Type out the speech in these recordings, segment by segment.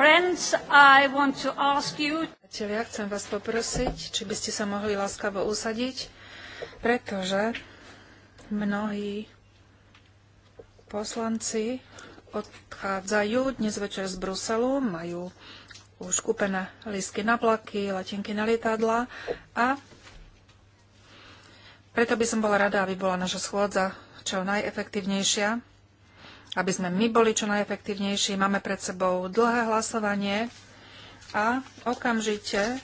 Friends, I want to ask you... chcem vás poprosiť, či by ste sa mohli láskavo usadiť, pretože mnohí poslanci odchádzajú dnes večer z Bruselu, majú už kúpené lístky na plaky, letenky na lietadla a preto by som bola rada, aby bola naša schôdza čo najefektívnejšia aby sme my boli čo najefektívnejší. Máme pred sebou dlhé hlasovanie a okamžite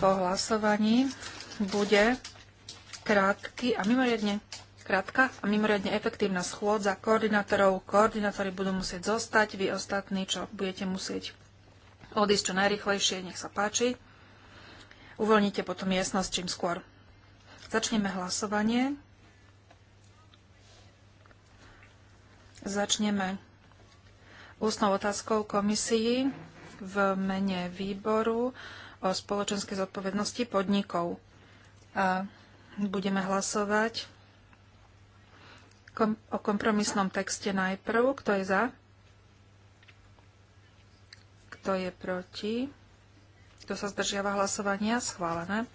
po hlasovaní bude krátky a mimoriadne krátka a mimoriadne efektívna schôdza koordinátorov. Koordinátori budú musieť zostať, vy ostatní, čo budete musieť odísť čo najrychlejšie, nech sa páči. Uvoľnite potom miestnosť čím skôr. Začneme hlasovanie. Začneme ústnou otázkou komisii v mene výboru o spoločenskej zodpovednosti podnikov. A budeme hlasovať kom- o kompromisnom texte najprv. Kto je za? Kto je proti? Kto sa zdržiava hlasovania? Schválené.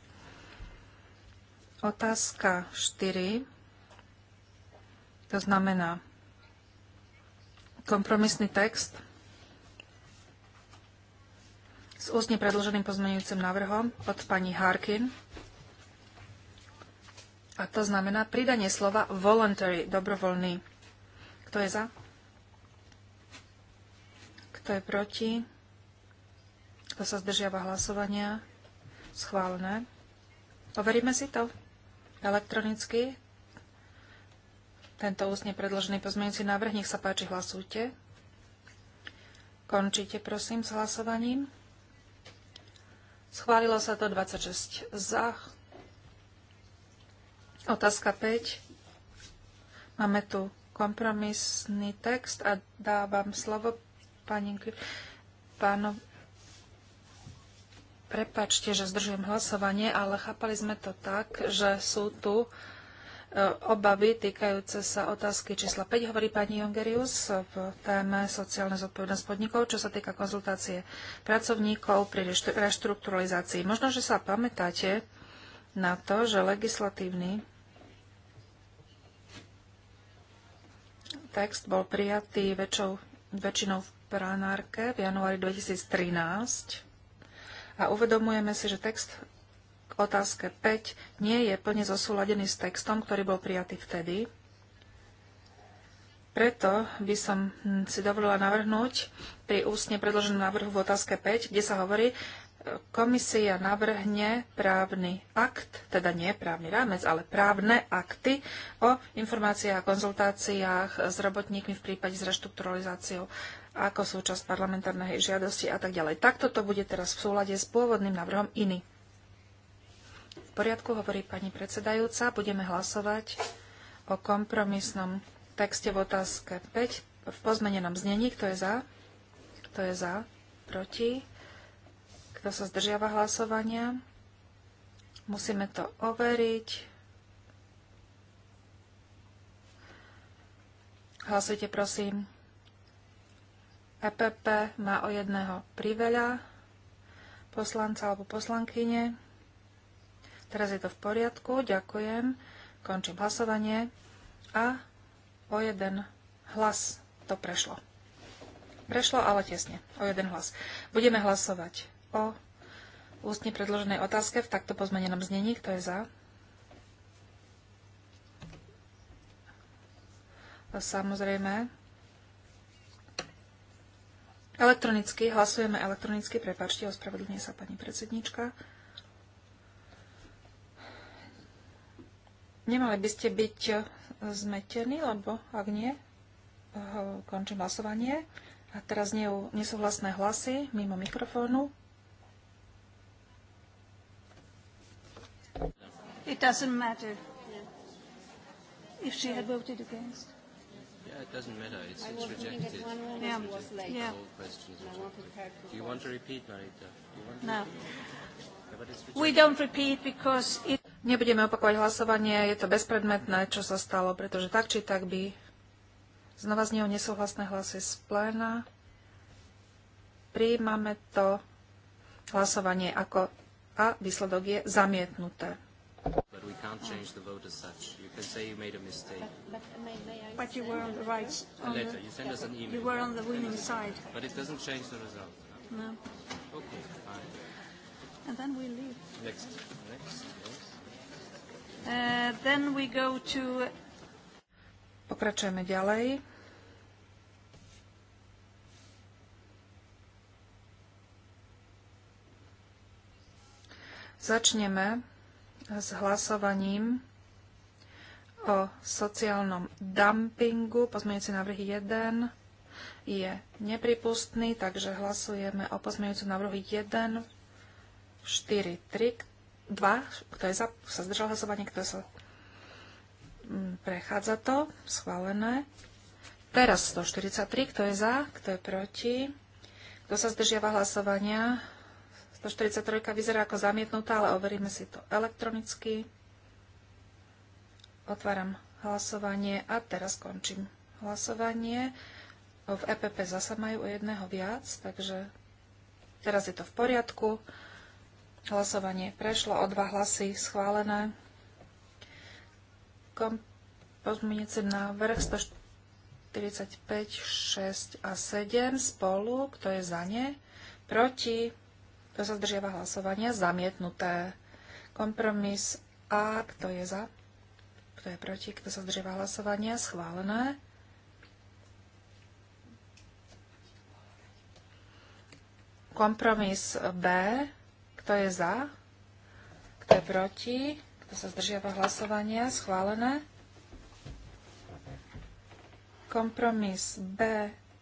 Otázka 4. To znamená kompromisný text s ústne predloženým pozmeňujúcim návrhom od pani Harkin. A to znamená pridanie slova voluntary, dobrovoľný. Kto je za? Kto je proti? Kto sa zdržiava hlasovania? Schválené. Overíme si to elektronicky tento ústne predložený pozmeňujúci návrh. Nech sa páči, hlasujte. Končíte, prosím, s hlasovaním. Schválilo sa to 26 za. Otázka 5. Máme tu kompromisný text a dávam slovo pani, pánu. Prepačte, že zdržujem hlasovanie, ale chápali sme to tak, že sú tu obavy týkajúce sa otázky čísla 5, hovorí pani Jongerius v téme sociálne zodpovednosť podnikov, čo sa týka konzultácie pracovníkov pri reštrukturalizácii. Možno, že sa pamätáte na to, že legislatívny text bol prijatý väčšou, väčšinou v pranárke v januári 2013 a uvedomujeme si, že text k otázke 5 nie je plne zosúladený s textom, ktorý bol prijatý vtedy. Preto by som si dovolila navrhnúť pri ústne predloženom návrhu v otázke 5, kde sa hovorí, e, komisia navrhne právny akt, teda nie právny rámec, ale právne akty o informáciách a konzultáciách s robotníkmi v prípade s reštrukturalizáciou ako súčasť parlamentárnej žiadosti a tak ďalej. Takto to bude teraz v súlade s pôvodným návrhom iný poriadku, hovorí pani predsedajúca. Budeme hlasovať o kompromisnom texte v otázke 5 v pozmenenom znení. Kto je za? Kto je za? Proti? Kto sa zdržiava hlasovania? Musíme to overiť. Hlasujte, prosím. EPP má o jedného priveľa poslanca alebo poslankyne. Teraz je to v poriadku, ďakujem. Končím hlasovanie. A o jeden hlas to prešlo. Prešlo, ale tesne. O jeden hlas. Budeme hlasovať o ústne predloženej otázke v takto pozmenenom znení. Kto je za? Samozrejme. Elektronicky, hlasujeme elektronicky, prepačte, ospravedlňuje sa pani predsednička. Nemali by ste byť eh, zmetení, lebo ak nie, eh, končím hlasovanie. A teraz nie nesúhlasné hlasy mimo mikrofónu. It doesn't matter if she had voted against. Yeah, it doesn't matter. It's, it's rejected. One yeah. was late. Yeah. All questions Do you want to repeat, Marita? Do you want to no. Repeat? Yeah, but it's We don't repeat because it Nebudeme opakovať hlasovanie, je to bezpredmetné, čo sa stalo, pretože tak či tak by znova z neho nesúhlasné hlasy z pléna. Príjmame to hlasovanie ako a výsledok je zamietnuté. But we can't change the vote as such. You can say you made a mistake. But, but, may, may I but you were on the right. a letter. you yeah, us an email. You were on the winning side. But it doesn't change the result. No. no. Okay, fine. And then we leave. Next. Uh, then we go to... Pokračujeme ďalej. Začneme s hlasovaním o sociálnom dumpingu. Pozmeňujúci návrh 1 je nepripustný, takže hlasujeme o pozmeňujúcom návrhu 1 4, 3, 2, kto je za, sa zdržal hlasovanie, kto sa mm, prechádza to, schválené. Teraz 143, kto je za, kto je proti, kto sa zdržiava hlasovania. 143 vyzerá ako zamietnutá, ale overíme si to elektronicky. Otváram hlasovanie a teraz končím hlasovanie. V EPP zasa majú o jedného viac, takže teraz je to v poriadku. Hlasovanie prešlo o dva hlasy schválené. Kom- pozmienujúci návrh 145, 6 a 7 spolu. Kto je za ne? Proti? Kto sa zdržiava hlasovania? Zamietnuté. Kompromis A. Kto je za? Kto je proti? Kto sa zdržiava hlasovania? Schválené. Kompromis B. Kto je za? Kto je proti? Kto sa zdržiava hlasovania? Schválené. Kompromis B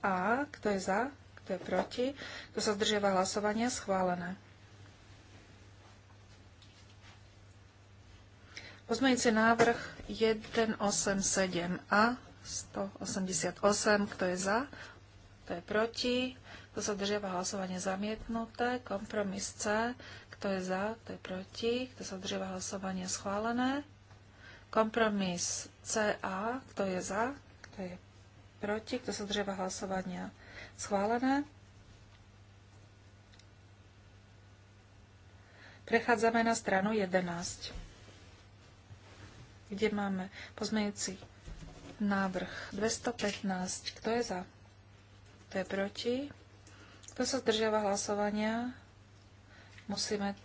a, Kto je za? Kto je proti? Kto sa zdržiava hlasovania? Schválené. Pozmeňujúci návrh 187 a 188. Kto je za? Kto je proti? Kto sa držiava zamietnuté? Kompromis C. Kto je za? Kto je proti? Kto sa držiava hlasovania schválené? Kompromis CA. Kto je za? Kto je proti? Kto sa držiava schválené? Prechádzame na stranu 11, kde máme pozmeňujúci návrh 215. Kto je za? Kto je proti? Kto sa zdržiava hlasovania? Musíme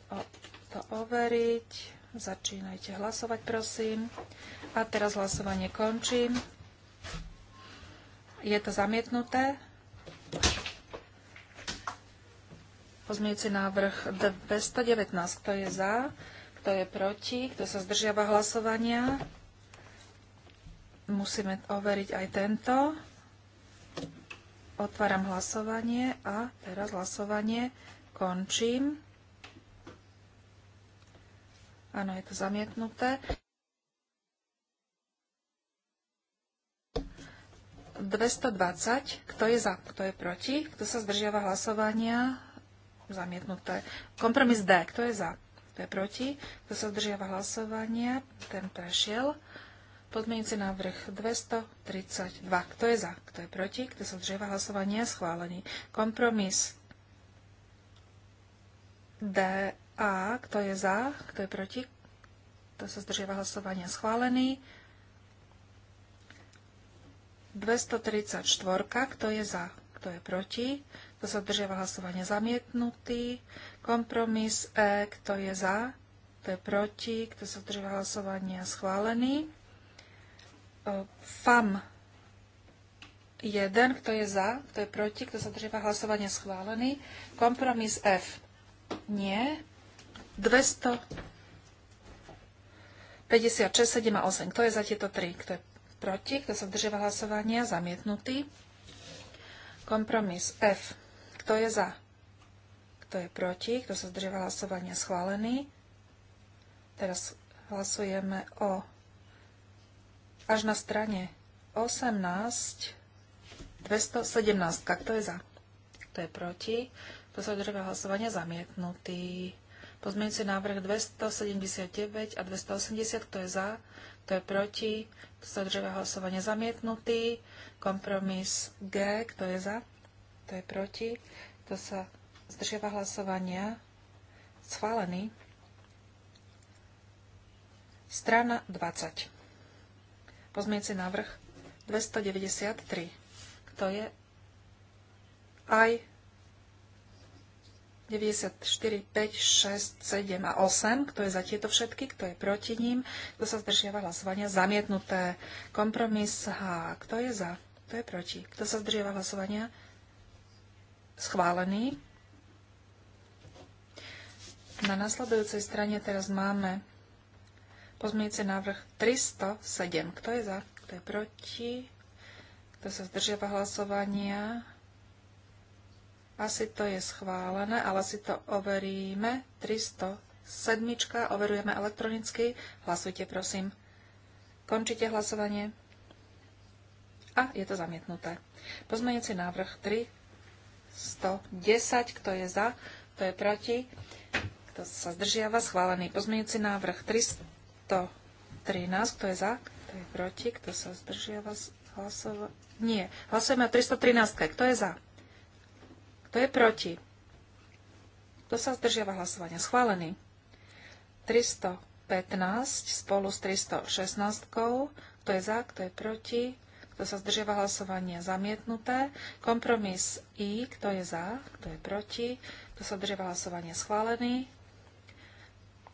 to overiť. Začínajte hlasovať, prosím. A teraz hlasovanie končím. Je to zamietnuté. Pozmiejúci návrh 219. Kto je za? Kto je proti? Kto sa zdržiava hlasovania? Musíme overiť aj tento. Otváram hlasovanie a teraz hlasovanie končím. Áno, je to zamietnuté. 220. Kto je za, kto je proti? Kto sa zdržiava hlasovania? Zamietnuté. Kompromis D. Kto je za, kto je proti? Kto sa zdržiava hlasovania? Ten prešiel. Pozmeňujúci návrh 232. Kto je za? Kto je proti? Kto sa zdrieva hlasovanie? Schválený. Kompromis DA. Kto je za? Kto je proti? Kto sa zdržiava hlasovania? Schválený. 234. Kto je za? Kto je proti? Kto sa zdržiava hlasovania? Zamietnutý. Kompromis E. Kto je za? Kto je proti? Kto sa zdržiava hlasovania? Schválený. FAM 1, kto je za, kto je proti, kto sa držíva schválený. Kompromis F. Nie. 256, 7 a 8. Kto je za tieto tri? Kto je proti? Kto sa držíva hlasovania? Zamietnutý. Kompromis F. Kto je za? Kto je proti? Kto sa zdržíva hlasovania? Schválený. Teraz hlasujeme o až na strane 18, 217. Kto je za? Kto je proti? to sa držíva hlasovania? Zamietnutý. Pozmeňujúci návrh 279 a 280. Kto je za? Kto je proti? Kto sa držíva hlasovanie Zamietnutý. Kompromis G. Kto je za? Kto je proti? Kto sa zdržiava hlasovania? Schválený. Strana 20. Pozmienci návrh 293. Kto je aj 94, 5, 6, 7 a 8. Kto je za tieto všetky? Kto je proti ním? Kto sa zdržiava hlasovania? Zamietnuté. Kompromis H. Kto je za? Kto je proti? Kto sa zdržiava hlasovania? Schválený. Na nasledujúcej strane teraz máme Pozmienujúci návrh 307. Kto je za? Kto je proti? Kto sa zdržiava hlasovania? Asi to je schválené, ale si to overíme. 307. Overujeme elektronicky. Hlasujte, prosím. Končite hlasovanie. A je to zamietnuté. Pozmeňujúci návrh 310. Kto je za? Kto je proti? Kto sa zdržiava? Schválený pozmeňujúci návrh 300. 313, kto je za, kto je proti, kto sa zdržiava hlasovať. Nie, hlasujeme o 313, kto je za, kto je proti, kto sa zdržiava hlasovania. Schválený. 315 spolu s 316, kto je za, kto je proti, kto sa zdržiava hlasovania. Zamietnuté. Kompromis I, kto je za, kto je proti, kto sa zdržiava hlasovania. Schválený.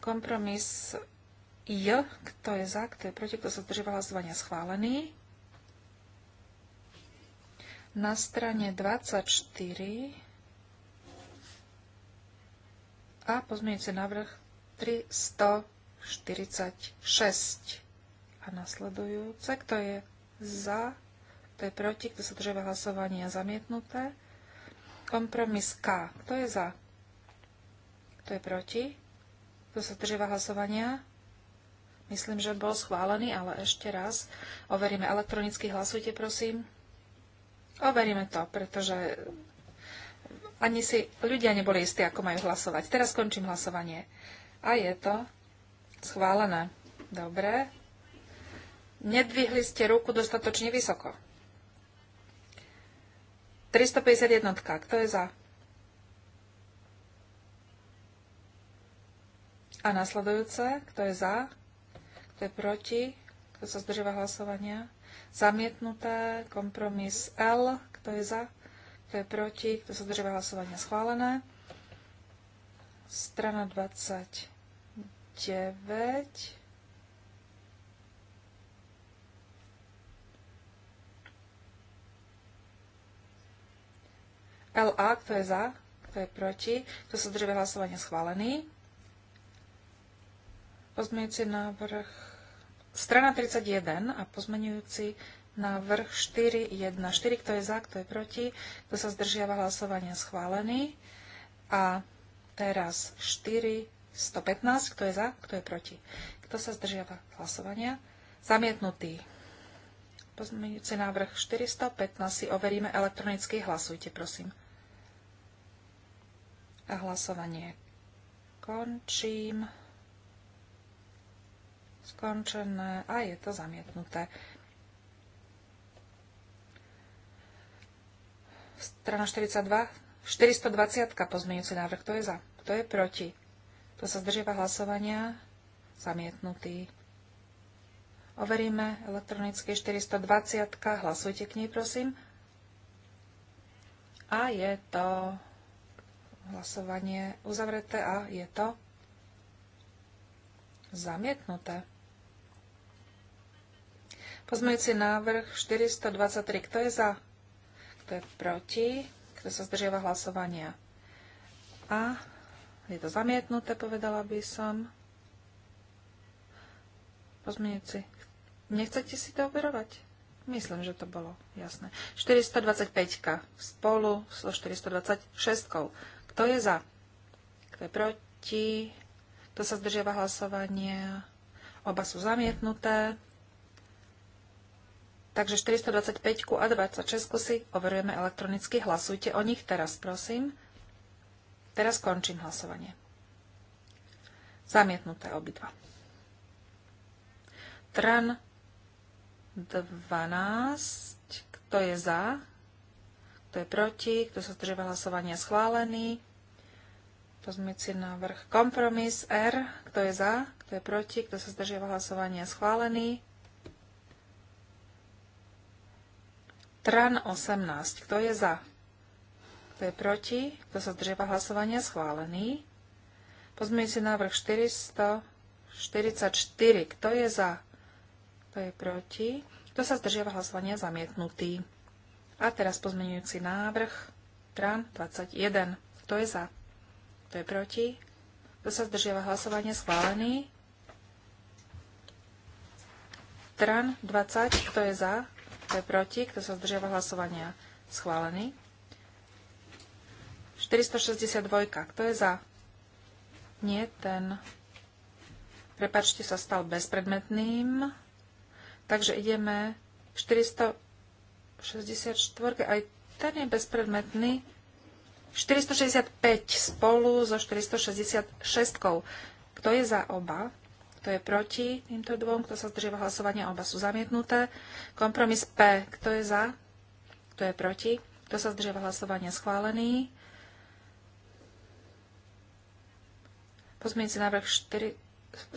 Kompromis J, kto je za, kto je proti, kto sa zdržíva hlasovania schválený. Na strane 24 a pozmeňujúci návrh 346 a nasledujúce, kto je za, kto je proti, kto sa zdržíva hlasovania zamietnuté. Kompromis K, kto je za, kto je proti, kto sa zdržíva hlasovania Myslím, že bol schválený, ale ešte raz. Overíme elektronicky. Hlasujte, prosím. Overíme to, pretože ani si ľudia neboli istí, ako majú hlasovať. Teraz končím hlasovanie. A je to schválené. Dobre. Nedvihli ste ruku dostatočne vysoko. 351. Kto je za? A nasledujúce. Kto je za? Kto je proti? Kto sa zdržíva hlasovania? Zamietnuté. Kompromis L. Kto je za? Kto je proti? Kto sa zdržíva hlasovania? Schválené. Strana 29. LA, kto je za, kto je proti, kto sa drží hlasovanie schválený. Pozmiete návrh Strana 31 a pozmenujúci návrh 4, 1, 4, kto je za, kto je proti, kto sa zdržiava hlasovania schválený. A teraz 4, 115, kto je za, kto je proti, kto sa zdržiava hlasovania, zamietnutý. Pozmenujúci návrh 415 si overíme elektronicky. Hlasujte, prosím. A hlasovanie končím skončené a je to zamietnuté. Strana 42, 420 pozmeňujúci návrh. Kto je za? Kto je proti? Kto sa zdržíva hlasovania? Zamietnutý. Overíme elektronicky 420. Hlasujte k nej, prosím. A je to hlasovanie uzavreté a je to zamietnuté. Pozmejúci návrh 423. Kto je za? Kto je proti? Kto sa zdržiava hlasovania? A je to zamietnuté, povedala by som. Pozmejúci. Nechcete si to overovať? Myslím, že to bolo jasné. 425 spolu so 426. Kto je za? Kto je proti? Kto sa zdržiava hlasovania? Oba sú zamietnuté. Takže 425 a 26 si overujeme elektronicky. Hlasujte o nich teraz, prosím. Teraz končím hlasovanie. Zamietnuté obidva. Tran 12. Kto je za? Kto je proti? Kto sa zdržíva hlasovania? Schválený. si návrh. Kompromis R. Kto je za? Kto je proti? Kto sa zdržíva hlasovania? Schválený. stran 18. Kto je za? Kto je proti? Kto sa zdržiava hlasovania? Schválený. si návrh 444. Kto je za? Kto je proti? Kto sa zdržiava hlasovania? Zamietnutý. A teraz pozmeňujúci návrh Tran 21. Kto je za? Kto je proti? Kto sa zdržiava hlasovania? Schválený. Tran 20. Kto je za? Kto je proti? Kto sa zdržiava hlasovania? Schválený. 462. Kto je za? Nie, ten... Prepačte, sa stal bezpredmetným. Takže ideme 464. Aj ten je bezpredmetný. 465 spolu so 466. Kto je za oba? Kto je proti týmto dvom? Kto sa zdržiava hlasovania? Oba sú zamietnuté. Kompromis P. Kto je za? Kto je proti? Kto sa zdržiava hlasovania? Schválený. Pozmienci návrh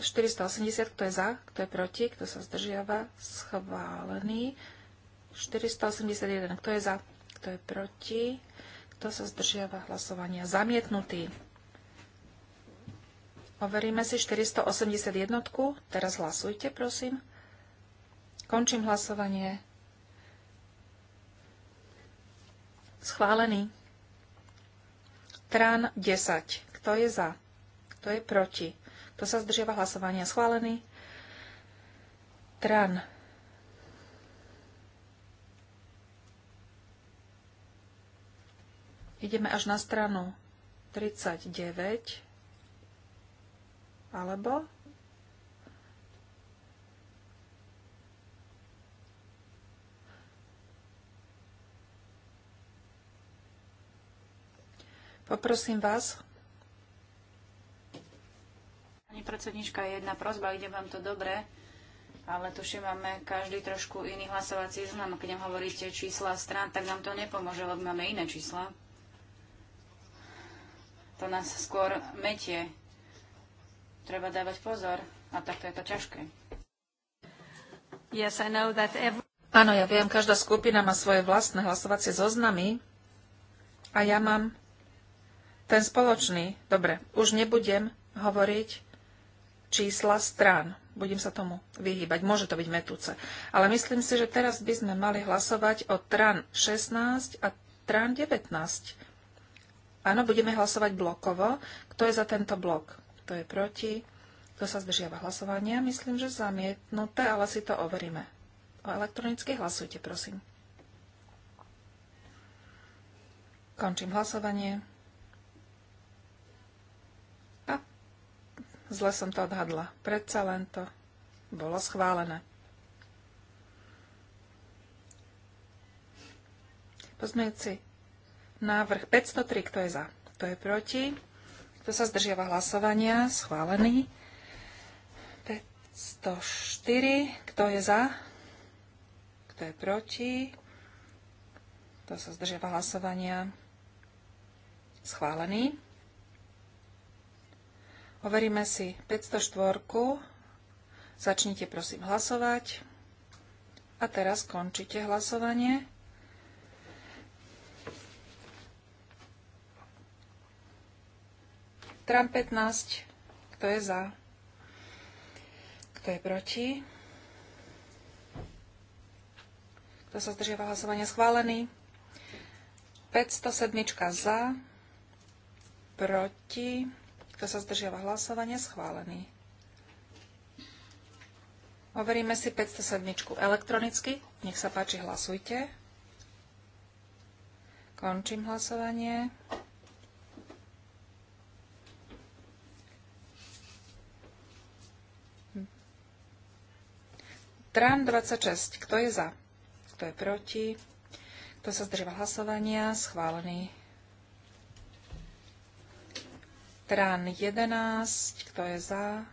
4, 480. Kto je za? Kto je proti? Kto sa zdržiava? Schválený. 481. Kto je za? Kto je proti? Kto sa zdržiava hlasovania? Zamietnutý. Overíme si 481. Teraz hlasujte, prosím. Končím hlasovanie. Schválený. Trán 10. Kto je za? Kto je proti? Kto sa zdržiava hlasovania? Schválený. Trán. Ideme až na stranu 39. Alebo Poprosím vás. Pani predsednička, jedna prozba, ide vám to dobre, ale tuším, máme každý trošku iný hlasovací znam. Keď nám hovoríte čísla strán, tak nám to nepomôže, lebo máme iné čísla. To nás skôr metie treba dávať pozor a takto je to ťažké. Yes, I know that every... Áno, ja viem, každá skupina má svoje vlastné hlasovacie zoznamy a ja mám ten spoločný. Dobre, už nebudem hovoriť čísla strán. Budem sa tomu vyhýbať. Môže to byť metúce. Ale myslím si, že teraz by sme mali hlasovať o TRAN 16 a TRAN 19. Áno, budeme hlasovať blokovo. Kto je za tento blok? kto je proti, kto sa zdržiava hlasovania. Myslím, že zamietnuté, ale si to overíme. Elektronicky hlasujte, prosím. Končím hlasovanie. A zle som to odhadla. Predsa len to bolo schválené. Pozmejúci návrh 503, kto je za, kto je proti. Kto sa zdržiava hlasovania? Schválený. 504. Kto je za? Kto je proti? Kto sa zdržiava hlasovania? Schválený. Overíme si 504. Začnite prosím hlasovať. A teraz končite hlasovanie. Trump 15. Kto je za? Kto je proti? Kto sa zdržiava hlasovania? Schválený. 507 za. Proti. Kto sa zdržiava hlasovania? Schválený. Overíme si 507 elektronicky. Nech sa páči, hlasujte. Končím hlasovanie. Tran 26. Kto je za? Kto je proti? Kto sa zdržal hlasovania? Schválený. Tran 11. Kto je za?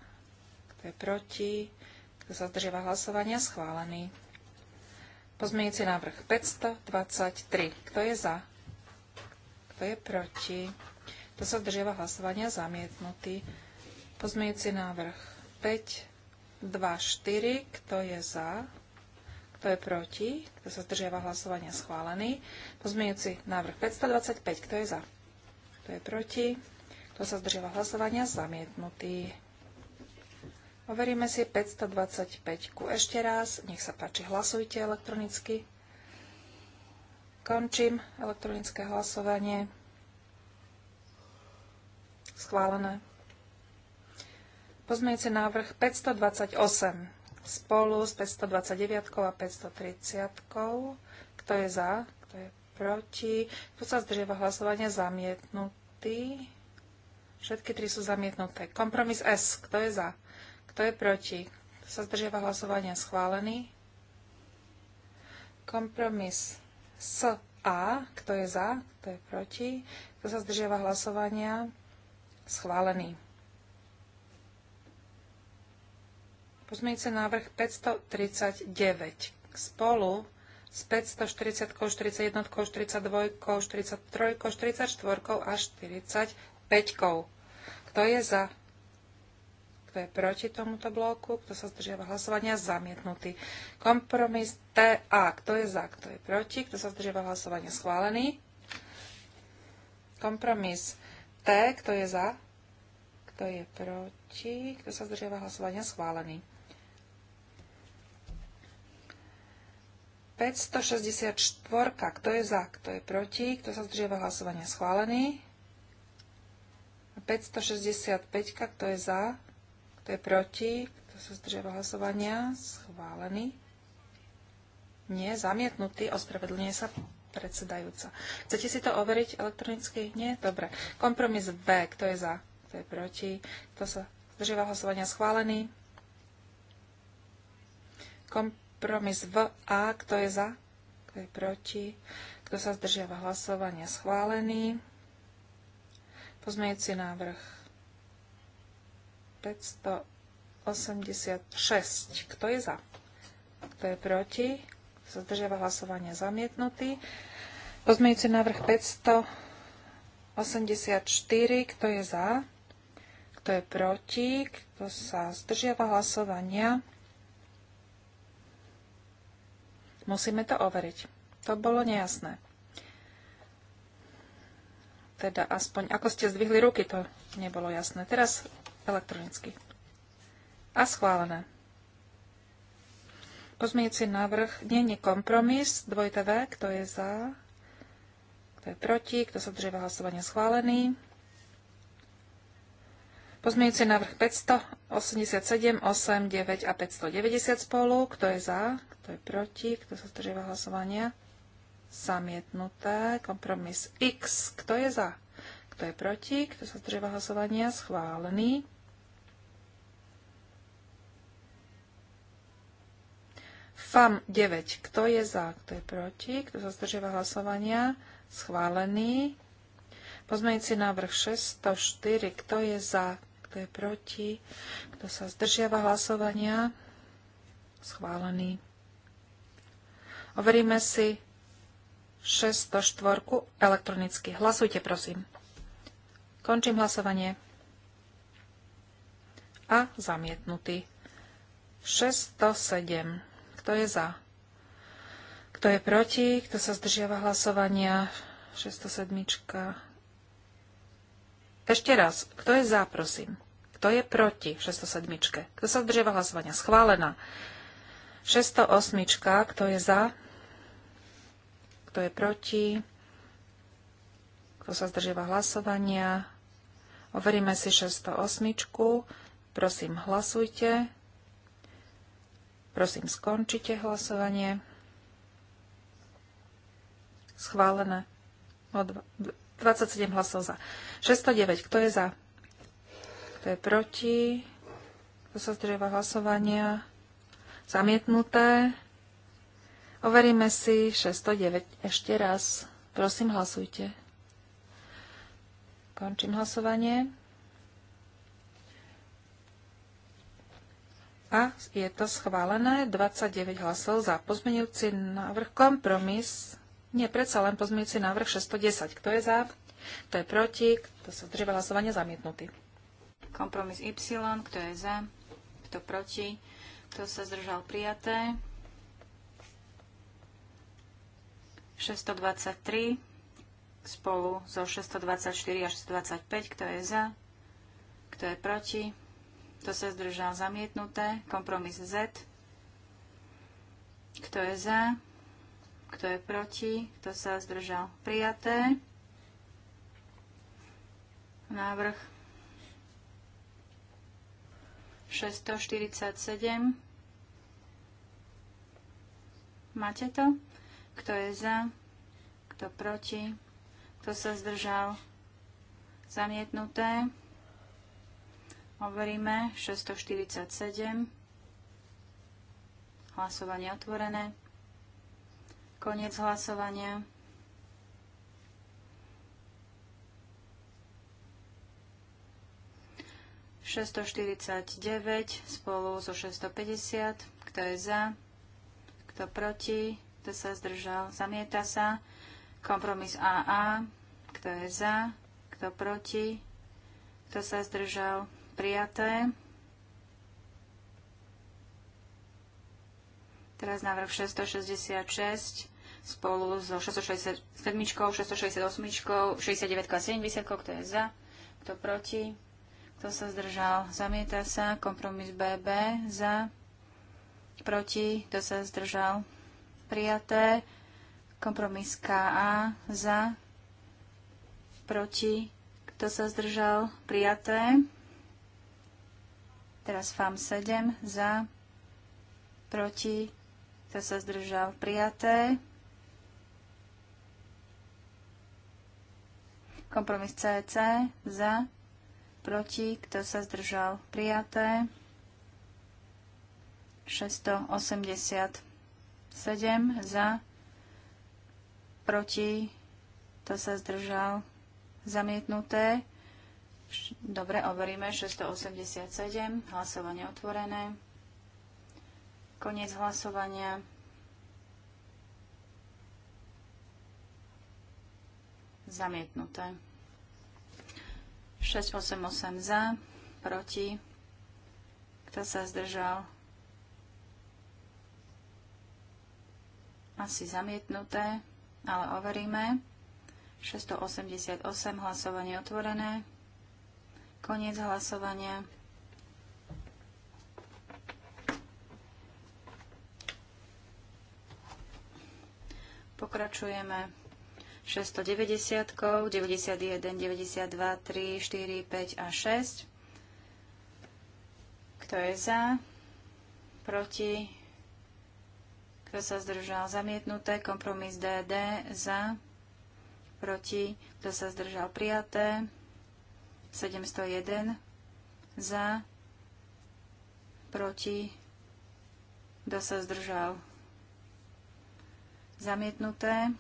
Kto je proti? Kto sa zdržal hlasovania? Schválený. Pozmeňujúci návrh 523. Kto je za? Kto je proti? Kto sa zdržiava hlasovania? Zamietnutý. Pozmeňujúci návrh 5, 2, 4. Kto je za? Kto je proti? Kto sa zdržiava hlasovania? Schválený. Pozmeňujúci návrh 525. Kto je za? Kto je proti? Kto sa zdržiava hlasovania? Zamietnutý. Overíme si 525 ešte raz. Nech sa páči, hlasujte elektronicky. Končím elektronické hlasovanie. Schválené. Pozmeňujúci návrh 528 spolu s 529 a 530. Kto je za? Kto je proti? Kto sa zdržiava hlasovania? Zamietnutý. Všetky tri sú zamietnuté. Kompromis S. Kto je za? Kto je proti? Kto sa zdržiava hlasovania? Schválený. Kompromis S. A. Kto je za? Kto je proti? Kto sa zdržiava hlasovania? Schválený. Pozmeňujúci návrh 539 spolu s 540, 41, 42, 43, 44 a 45. Kto je za? Kto je proti tomuto bloku? Kto sa zdržiava hlasovania? Zamietnutý. Kompromis TA. Kto je za? Kto je proti? Kto sa zdržiava hlasovania? Schválený. Kompromis T. Kto je za? Kto je proti? Kto sa zdržiava hlasovania? Schválený. 564, kto je za, kto je proti, kto sa zdržiava hlasovania schválený. 565, kto je za, kto je proti, kto sa zdržiava hlasovania schválený. Nie, zamietnutý, ospravedlňuje sa predsedajúca. Chcete si to overiť elektronicky? Nie? Dobre. Kompromis B, kto je za, kto je proti, kto sa zdržiava hlasovania schválený. Kompromis Kompromis v A, kto je za, kto je proti, kto sa zdržiava hlasovania, schválený. Pozmejúci návrh 586. Kto je za? Kto je proti? Kto sa zdržiava hlasovania, zamietnutý. Pozmejúci návrh 584. Kto je za? Kto je proti? Kto sa zdržiava hlasovania? Musíme to overiť. To bolo nejasné. Teda aspoň, ako ste zdvihli ruky, to nebolo jasné. Teraz elektronicky. A schválené. Pozmiejúci návrh, nie je kompromis, Dvojte V, kto je za, kto je proti, kto sa drží hlasovania schválený. Pozmiejúci návrh 587, 8, 9 a 590 spolu. Kto je za? kto je proti, kto sa zdržiava hlasovania, zamietnuté, kompromis X, kto je za, kto je proti, kto sa zdržiava hlasovania, schválený. FAM 9, kto je za, kto je proti, kto sa zdržiava hlasovania, schválený. Pozmeňujúci návrh 604, kto je za, kto je proti, kto sa zdržiava hlasovania, schválený. Overíme si 604 elektronicky. Hlasujte, prosím. Končím hlasovanie. A zamietnutý. 607. Kto je za? Kto je proti? Kto sa zdržiava hlasovania? 607. Ešte raz. Kto je za, prosím? Kto je proti 607? Kto sa zdržiava hlasovania? Schválená. 608. Kto je za? kto je proti, kto sa zdržíva hlasovania. Overíme si 608. Prosím, hlasujte. Prosím, skončite hlasovanie. Schválené. O 27 hlasov za. 609. Kto je za? Kto je proti? Kto sa zdržíva hlasovania? Zamietnuté. Overíme si 609 ešte raz. Prosím, hlasujte. Končím hlasovanie. A je to schválené. 29 hlasov za pozmeňujúci návrh kompromis. Nie, predsa len pozmeňujúci návrh 610. Kto je za? Kto je proti? Kto sa drží hlasovanie zamietnutý? Kompromis Y. Kto je za? Kto proti? Kto sa zdržal prijaté? 623 spolu so 624 a 625, kto je za, kto je proti, kto sa zdržal zamietnuté, kompromis Z, kto je za, kto je proti, kto sa zdržal prijaté, návrh 647, máte to? Kto je za? Kto proti? Kto sa zdržal? Zamietnuté. Overíme 647. Hlasovanie otvorené. Koniec hlasovania. ...649 spolu so 650. Kto je za? Kto proti? kto sa zdržal, zamieta sa. Kompromis AA, kto je za, kto proti, kto sa zdržal, prijaté. Teraz návrh 666 spolu so 667, 668, 69 a 70, kto je za, kto proti, kto sa zdržal, zamieta sa, kompromis BB za, proti, kto sa zdržal, prijaté. Kompromis KA za, proti, kto sa zdržal, prijaté. Teraz FAM 7 za, proti, kto sa zdržal, prijaté. Kompromis CC za, proti, kto sa zdržal, prijaté. 680 7 za, proti, to sa zdržal, zamietnuté. Dobre, overíme 687, hlasovanie otvorené. Koniec hlasovania. Zamietnuté. 688 za, proti. Kto sa zdržal? asi zamietnuté, ale overíme. 688 hlasovanie otvorené. Koniec hlasovania. Pokračujeme 690, 91, 92, 3, 4, 5 a 6. Kto je za? Proti? Kto sa zdržal? Zamietnuté. Kompromis DD za. Proti. Kto sa zdržal? Prijaté. 701 za. Proti. Kto sa zdržal? Zamietnuté.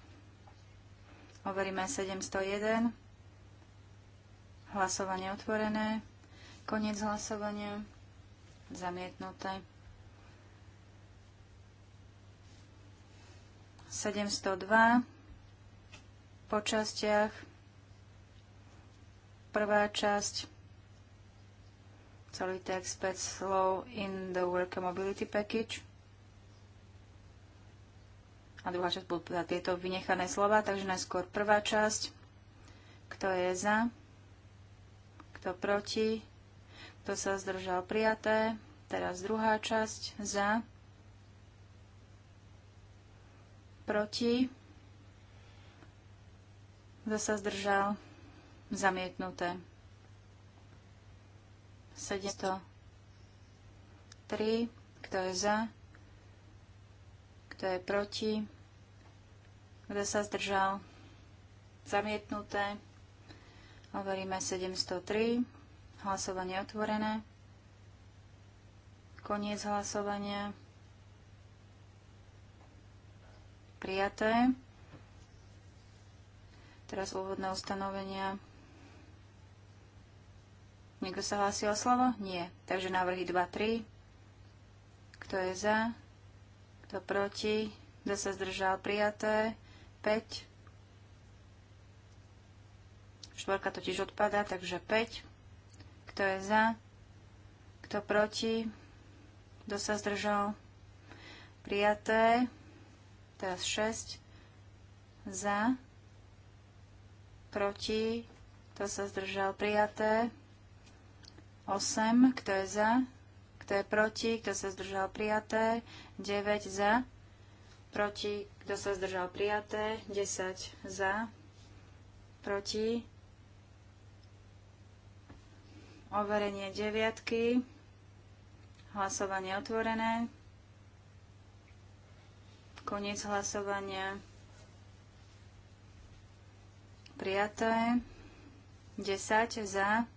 Overíme 701. Hlasovanie otvorené. Koniec hlasovania. Zamietnuté. 702 po častiach. Prvá časť, celý text 5 slov in the Worker Mobility Package. A druhá časť budú za tieto vynechané slova, takže najskôr prvá časť. Kto je za? Kto proti? Kto sa zdržal prijaté? Teraz druhá časť za proti, kto sa zdržal, zamietnuté. 703, kto je za, kto je proti, kto sa zdržal, zamietnuté. Overíme 703, hlasovanie otvorené, koniec hlasovania. prijaté. Teraz úvodné ustanovenia. Niekto sa hlási o slovo? Nie. Takže návrhy 2, 3. Kto je za? Kto proti? Kto sa zdržal? Prijaté. 5. Štvorka totiž odpada, takže 5. Kto je za? Kto proti? Kto sa zdržal? Prijaté teraz 6 za, proti, to sa zdržal prijaté, 8, kto je za, kto je proti, kto sa zdržal prijaté, 9 za, proti, kto sa zdržal prijaté, 10 za, proti, overenie deviatky, hlasovanie otvorené, Koniec hlasovania. Prijaté. 10 za.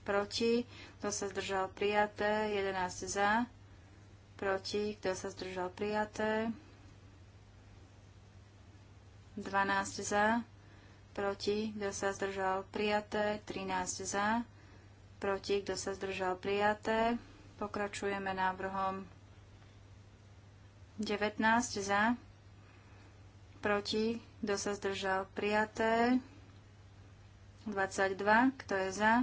Proti. Kto sa zdržal prijaté? 11 za. Proti. Kto sa zdržal prijaté? 12 za. Proti. Kto sa zdržal prijaté? 13 za. Proti. Kto sa zdržal prijaté? Pokračujeme návrhom 19 za, proti, kto sa zdržal, prijaté. 22, kto je za,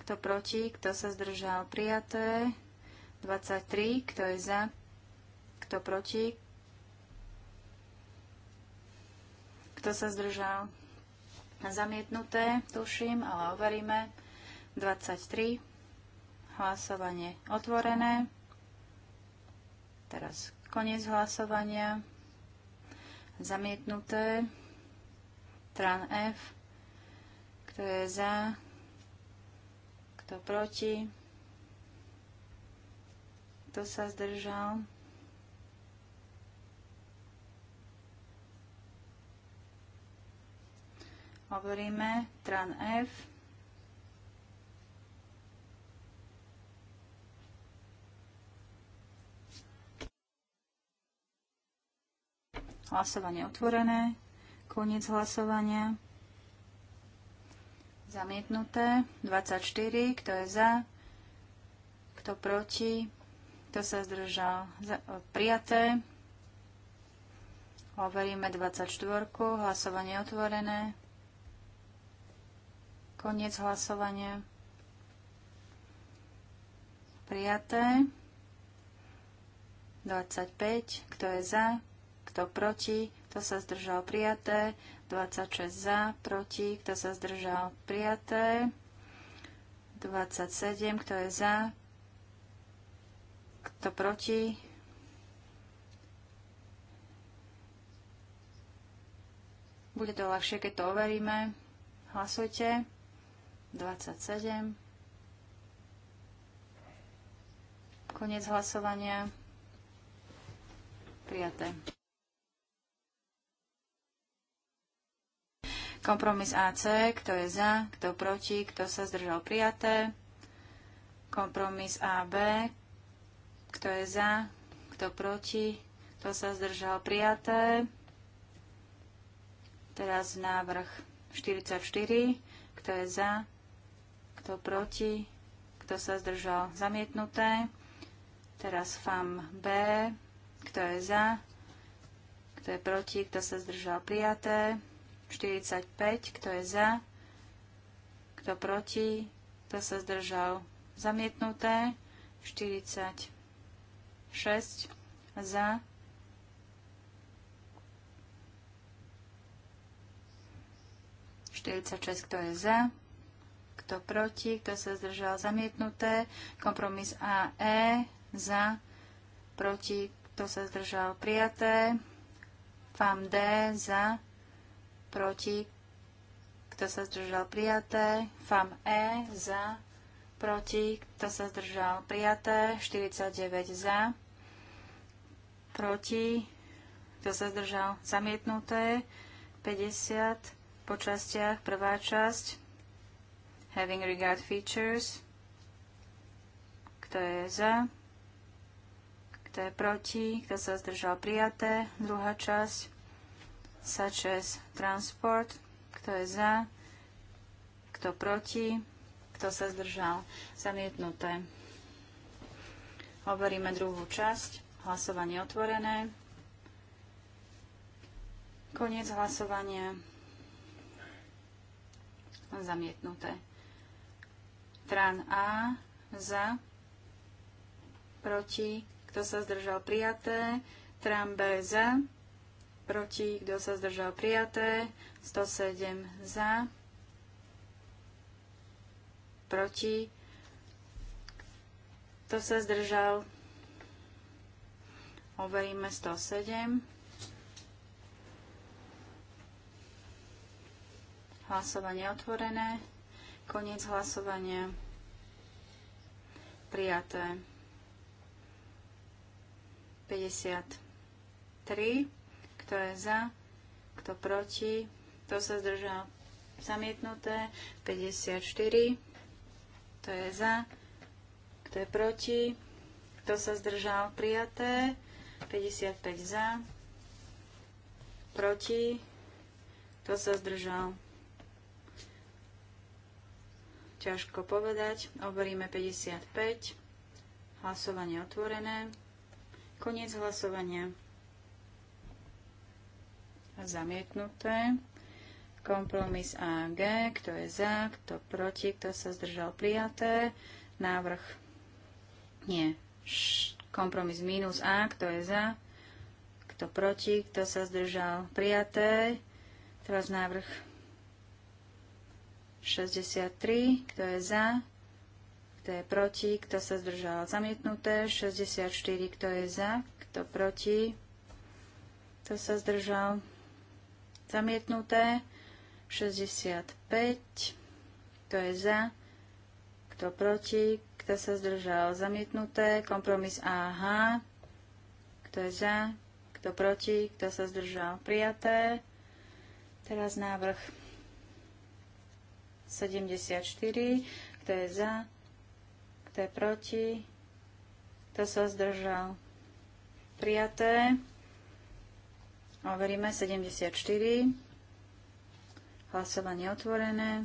kto proti, kto sa zdržal, prijaté. 23, kto je za, kto proti, kto sa zdržal, zamietnuté, tuším, ale overíme. 23, hlasovanie otvorené. Teraz Koniec hlasovania. Zamietnuté. Tran F. Kto je za? Kto proti? Kto sa zdržal? Overíme. Tran F. Hlasovanie otvorené. Koniec hlasovania. Zamietnuté. 24. Kto je za? Kto proti? Kto sa zdržal? E, prijaté. Overíme 24. Hlasovanie otvorené. Koniec hlasovania. Prijaté. 25. Kto je za? kto proti, kto sa zdržal prijaté, 26 za, proti, kto sa zdržal prijaté, 27, kto je za, kto proti, Bude to ľahšie, keď to overíme. Hlasujte. 27. Konec hlasovania. Prijaté. Kompromis AC, kto je za, kto proti, kto sa zdržal prijaté. Kompromis AB, kto je za, kto proti, kto sa zdržal prijaté. Teraz návrh 44, kto je za, kto proti, kto sa zdržal zamietnuté. Teraz FAM B, kto je za, kto je proti, kto sa zdržal prijaté. 45, kto je za, kto proti, kto sa zdržal. Zamietnuté 46 za. kto je za, kto proti, kto sa zdržal, zamietnuté. Kompromis AE, za, proti, kto sa zdržal, prijaté. FAM D, za, proti, kto sa zdržal prijaté, FAM E za, proti, kto sa zdržal prijaté, 49 za, proti, kto sa zdržal zamietnuté, 50 po častiach, prvá časť, having regard features, kto je za, kto je proti, kto sa zdržal prijaté, druhá časť, such as transport, kto je za, kto proti, kto sa zdržal, zamietnuté. Hovoríme druhú časť, hlasovanie otvorené, koniec hlasovania, zamietnuté. Tran A za, proti, kto sa zdržal prijaté, Tran B za, proti, kto sa zdržal prijaté, 107 za, proti, kto sa zdržal, overíme 107. Hlasovanie otvorené, koniec hlasovania, prijaté. 53 kto je za? Kto proti? Kto sa zdržal? Zamietnuté. 54. Kto je za? Kto je proti? Kto sa zdržal? Prijaté. 55 za. Proti. Kto sa zdržal? Ťažko povedať. Overíme 55. Hlasovanie otvorené. Koniec hlasovania zamietnuté. Kompromis AG, kto je za, kto proti, kto sa zdržal prijaté. Návrh nie. Kompromis minus A, kto je za, kto proti, kto sa zdržal prijaté. Teraz návrh 63, kto je za, kto je proti, kto sa zdržal zamietnuté, 64, kto je za, kto proti, kto sa zdržal zamietnuté. 65, kto je za, kto proti, kto sa zdržal, zamietnuté. Kompromis AH, kto je za, kto proti, kto sa zdržal, prijaté. Teraz návrh 74, kto je za, kto je proti, kto sa zdržal, prijaté. Overíme 74. Hlasovanie otvorené.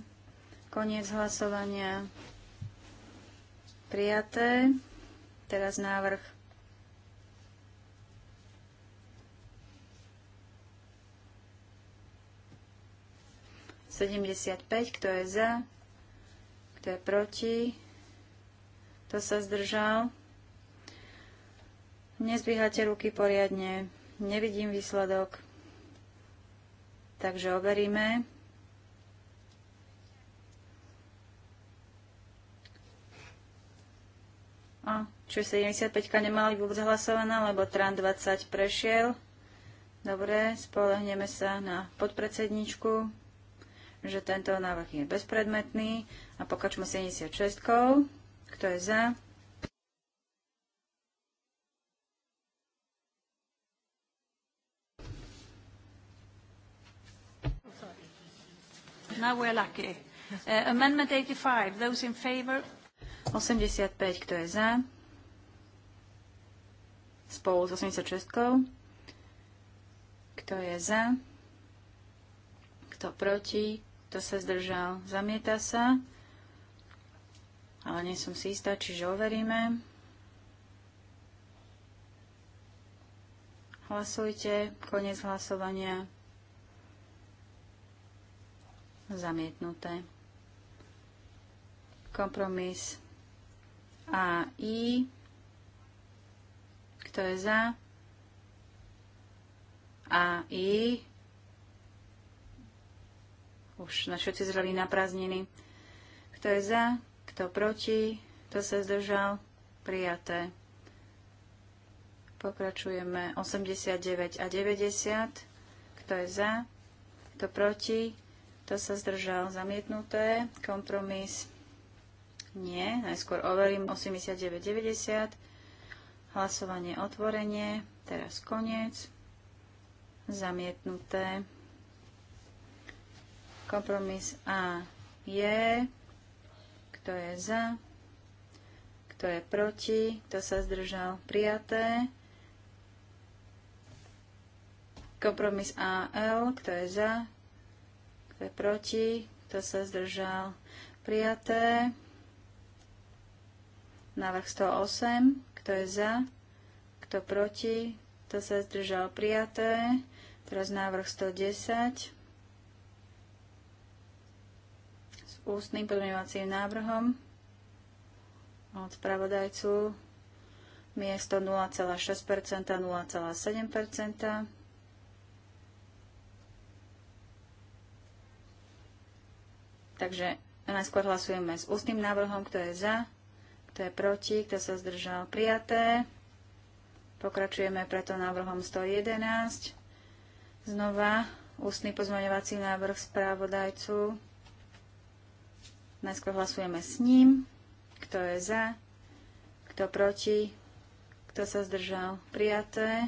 Koniec hlasovania. Prijaté. Teraz návrh kto je za, kto je proti, kto sa zdržal. Nezbíhate ruky poriadne. Nevidím výsledok. Takže overíme. A, čo 75 nemala byť vôbec hlasovaná, lebo TRAN 20 prešiel. Dobre, spolehneme sa na podpredsedničku, že tento návrh je bezpredmetný a pokačme 76. Kto je za? Now we're lucky. Uh, amendment 85. Those in favor? 85. Kto je za? Spolu s 86. Kto je za? Kto proti? Kto sa zdržal? Zamieta sa. Ale nie som si istá, čiže overíme. Hlasujte. Konec hlasovania zamietnuté. Kompromis A, I, kto je za? A, I, už na všetci zreli na prázdniny. Kto je za, kto proti, kto sa zdržal, prijaté. Pokračujeme 89 a 90. Kto je za, kto proti, to sa zdržal? Zamietnuté. Kompromis? Nie. Najskôr overím 89,90. Hlasovanie otvorenie. Teraz koniec. Zamietnuté. Kompromis A je. Kto je za? Kto je proti? Kto sa zdržal? Prijaté. Kompromis AL. Kto je za? Kto je proti? Kto sa zdržal? Prijaté. Návrh 108. Kto je za? Kto proti? Kto sa zdržal? Prijaté. Teraz návrh 110. S ústnym podmiňovacím návrhom od spravodajcu miesto 0,6%, 0,7%. Takže najskôr hlasujeme s ústnym návrhom, kto je za, kto je proti, kto sa zdržal prijaté. Pokračujeme preto návrhom 111. Znova ústny pozmaňovací návrh správodajcu. Najskôr hlasujeme s ním, kto je za, kto proti, kto sa zdržal prijaté.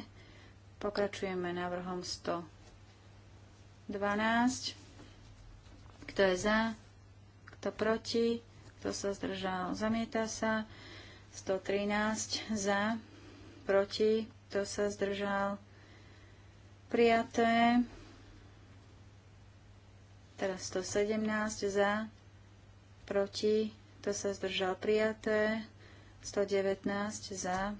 Pokračujeme návrhom 112. Kto je za? Kto proti? Kto sa zdržal? Zamieta sa. 113 za, proti, kto sa zdržal? Prijaté. Teraz 117 za, proti, kto sa zdržal? Prijaté. 119 za,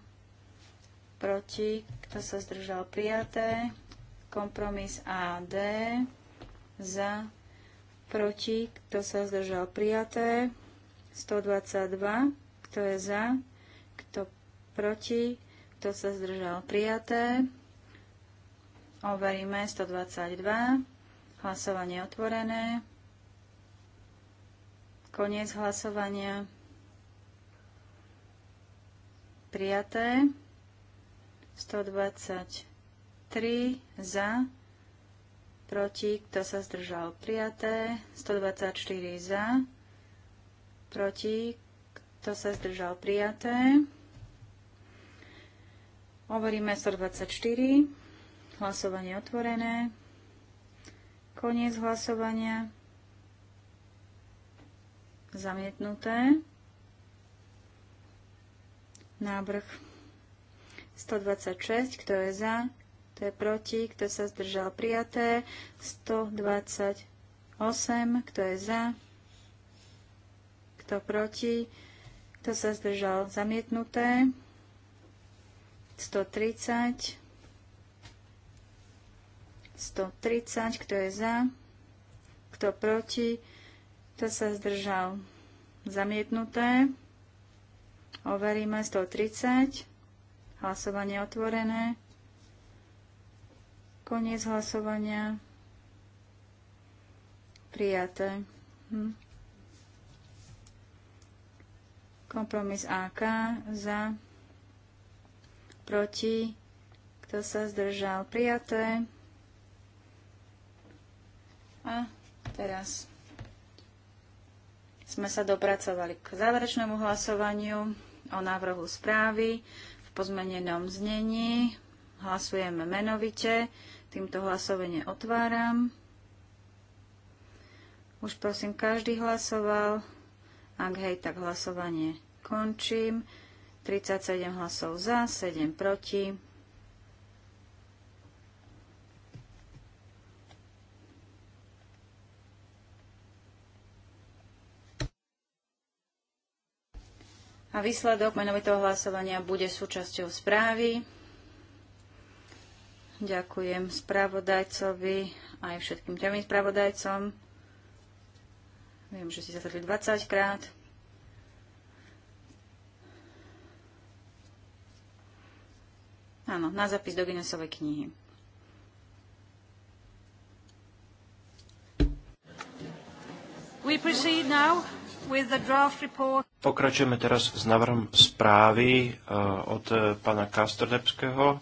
proti, kto sa zdržal prijaté, kompromis AD za, proti, kto sa zdržal prijaté, 122, kto je za, kto proti, kto sa zdržal prijaté, overíme 122, hlasovanie otvorené, koniec hlasovania, prijaté, 123 za, proti, kto sa zdržal prijaté, 124 za, proti, kto sa zdržal prijaté. hovoríme 124, hlasovanie otvorené, koniec hlasovania, zamietnuté, návrh 126, kto je za, kto je proti, kto sa zdržal prijaté, 128, kto je za, kto proti, kto sa zdržal zamietnuté, 130, 130, kto je za, kto proti, kto sa zdržal zamietnuté, overíme 130, hlasovanie otvorené, Koniec hlasovania. Prijaté. Hm. Kompromis AK za, proti, kto sa zdržal, prijaté. A teraz sme sa dopracovali k záverečnému hlasovaniu o návrhu správy v pozmenenom znení. Hlasujeme menovite. Týmto hlasovanie otváram. Už prosím, každý hlasoval. Ak hej, tak hlasovanie končím. 37 hlasov za, 7 proti. A výsledok menovitého hlasovania bude súčasťou správy. Ďakujem spravodajcovi aj všetkým ťavým spravodajcom. Viem, že si zasadli 20 krát. Áno, na zapis do Guinnessovej knihy. Pokračujeme teraz s návrhom správy eh, od eh, pána Kastrodebského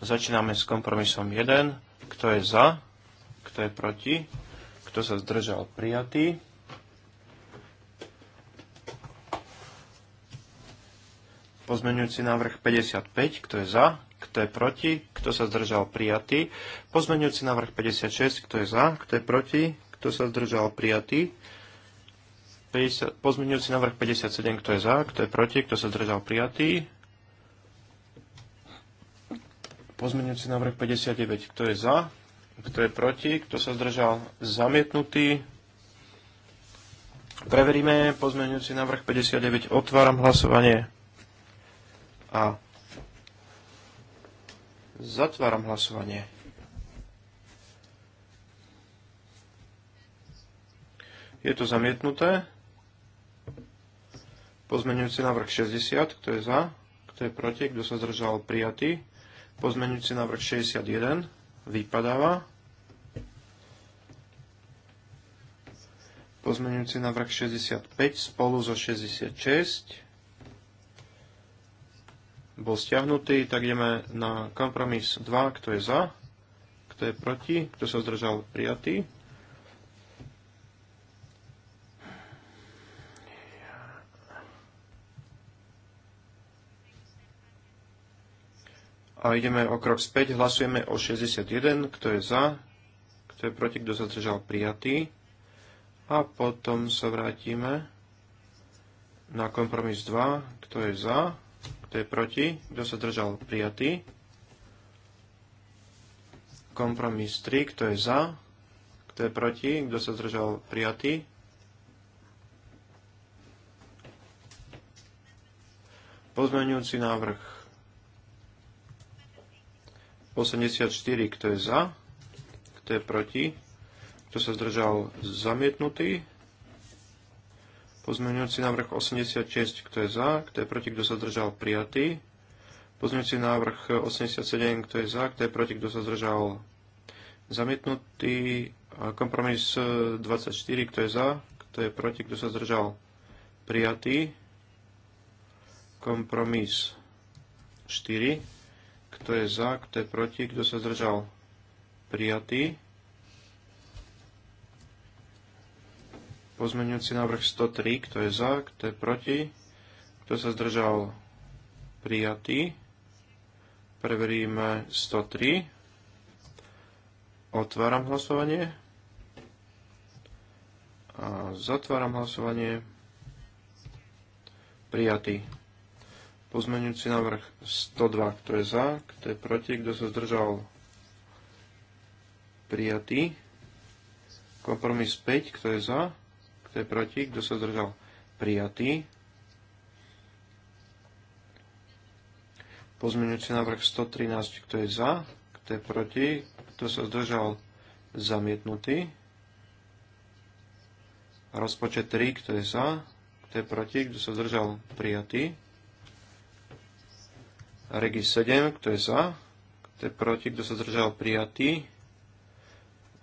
Začíname s kompromisom 1. Kto je za? Kto je proti? Kto sa zdržal? Prijatý. Pozmeňujúci návrh 55. Kto je za? Kto je proti? Kto sa zdržal? Prijatý. Pozmeňujúci návrh 56. Kto je za? Kto je proti? Kto sa zdržal? Prijatý. 50, pozmeňujúci návrh 57, kto je za, kto je proti, kto sa zdržal prijatý. Pozmeňujúci návrh 59. Kto je za? Kto je proti? Kto sa zdržal? Zamietnutý. Preveríme pozmeňujúci návrh 59. Otváram hlasovanie. A zatváram hlasovanie. Je to zamietnuté. Pozmeňujúci návrh 60. Kto je za? Kto je proti? Kto sa zdržal? Prijatý. Pozmeňujúci návrh 61 vypadáva. Pozmeňujúci návrh 65 spolu so 66 bol stiahnutý, tak ideme na kompromis 2, kto je za, kto je proti, kto sa zdržal prijatý. A ideme o krok späť, hlasujeme o 61, kto je za, kto je proti, kto sa držal prijatý. A potom sa vrátime na kompromis 2, kto je za, kto je proti, kto sa držal prijatý. Kompromis 3, kto je za, kto je proti, kto sa držal prijatý. Pozmeňujúci návrh 84, kto je za, kto je proti, kto sa zdržal zamietnutý. Pozmeňujúci návrh 86, kto je za, kto je proti, kto sa zdržal prijatý. Pozmeňujúci návrh 87, kto je za, kto je proti, kto sa zdržal zamietnutý. Kompromis 24, kto je za, kto je proti, kto sa zdržal prijatý. Kompromis 4. Kto je za, kto je proti, kto sa zdržal? Prijatý. Pozmeňujúci návrh 103, kto je za, kto je proti, kto sa zdržal? Prijatý. Preveríme 103. Otváram hlasovanie. A zatváram hlasovanie. Prijatý. Pozmeňujúci návrh 102, kto je za, kto je proti, kto sa zdržal prijatý. Kompromis 5, kto je za, kto je proti, kto sa zdržal prijatý. Pozmeňujúci návrh 113, kto je za, kto je proti, kto sa zdržal zamietnutý. Rozpočet 3, kto je za, kto je proti, kto sa zdržal prijatý. Regis 7, kto je za, kto je proti, kto sa zdržal prijatý.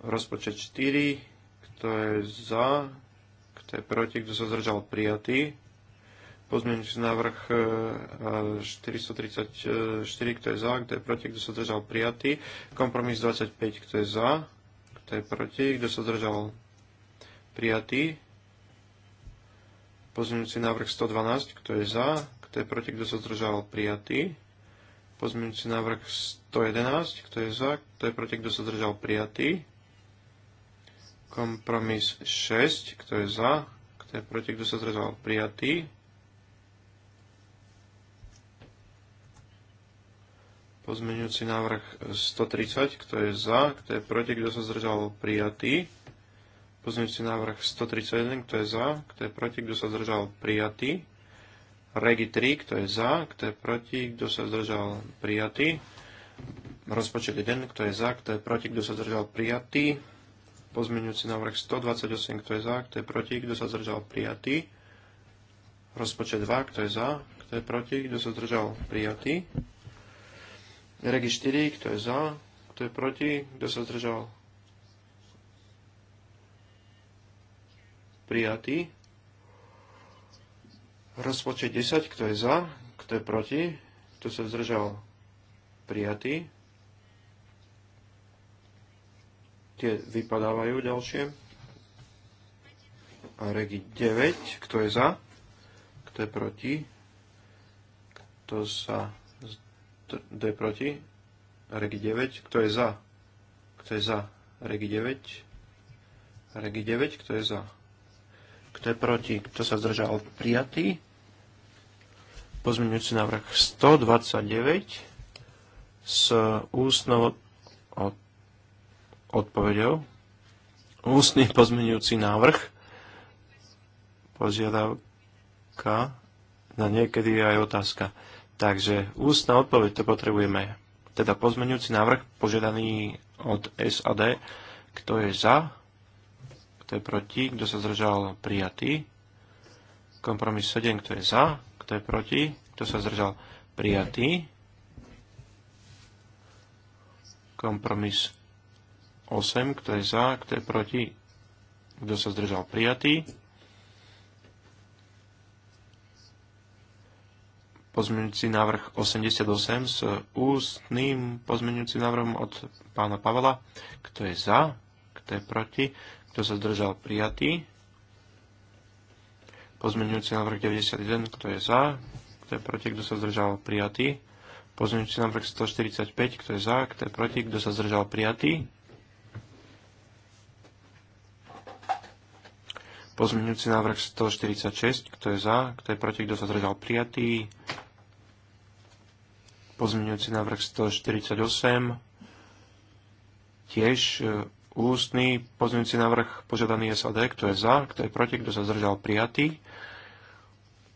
Rozpočet 4, kto je za, kto je proti, kto sa zdržal prijatý. Pozmeňujúci návrh 434, e, kto je za, kto je proti, kto sa zdržal prijatý. Kompromis 25, kto je za, kto je proti, kto sa zdržal prijatý. Pozmeňujúci návrh 112, kto je za, kto je proti, kto sa zdržal prijatý. Pozmeňujúci návrh 111, kto je za, kto je proti, kto sa zdržal prijatý. Kompromis 6, kto je za, kto je proti, kto sa zdržal prijatý. Pozmeňujúci návrh 130, kto je za, kto je proti, kto sa zdržal prijatý. Pozmeňujúci návrh 131, kto je za, kto je proti, kto sa zdržal prijatý. Regi 3, kto je za, kto je proti, kto sa zdržal prijatý. Rozpočet 1, kto je za, kto je proti, kto sa zdržal prijatý. Pozmeňujúci návrh 128, kto je za, kto je proti, kto sa zdržal prijatý. Rozpočet 2, kto je za, kto je proti, kto sa zdržal prijatý. Regi 4, kto je za, kto je proti, kto sa zdržal prijatý. Rozpočet 10, kto je za, kto je proti, kto sa zdržal prijatý. Tie vypadávajú ďalšie. A regi 9, kto je za, kto je proti, kto sa kto je proti, regi 9, kto je za, kto je za, regi 9, regi 9, kto je za. Kto je proti? Kto sa zdržal? Prijatý pozmeňujúci návrh 129 s ústnou odpovedou. Ústny pozmeňujúci návrh požiadavka na niekedy aj otázka. Takže ústna odpoveď to potrebujeme. Teda pozmeňujúci návrh požiadaný od SAD. Kto je za? Kto je proti? Kto sa zdržal? Prijatý. Kompromis 7. Kto je za? Kto je proti? Kto sa zdržal? Prijatý. Kompromis 8. Kto je za? Kto je proti? Kto sa zdržal? Prijatý. Pozmeňujúci návrh 88 s ústným pozmeňujúcim návrhom od pána Pavela, Kto je za? Kto je proti? Kto sa zdržal? Prijatý. Pozmeňujúci návrh 91, kto je za, kto je proti, kto sa zdržal, prijatý. Pozmeňujúci návrh 145, kto je za, kto je proti, kto sa zdržal, prijatý. Pozmeňujúci návrh 146, kto je za, kto je proti, kto sa zdržal prijatý. Pozmeňujúci návrh 148, tiež e, ústny. Pozmeňujúci návrh požiadaný SAD, kto je za, kto je proti, kto sa zdržal prijatý.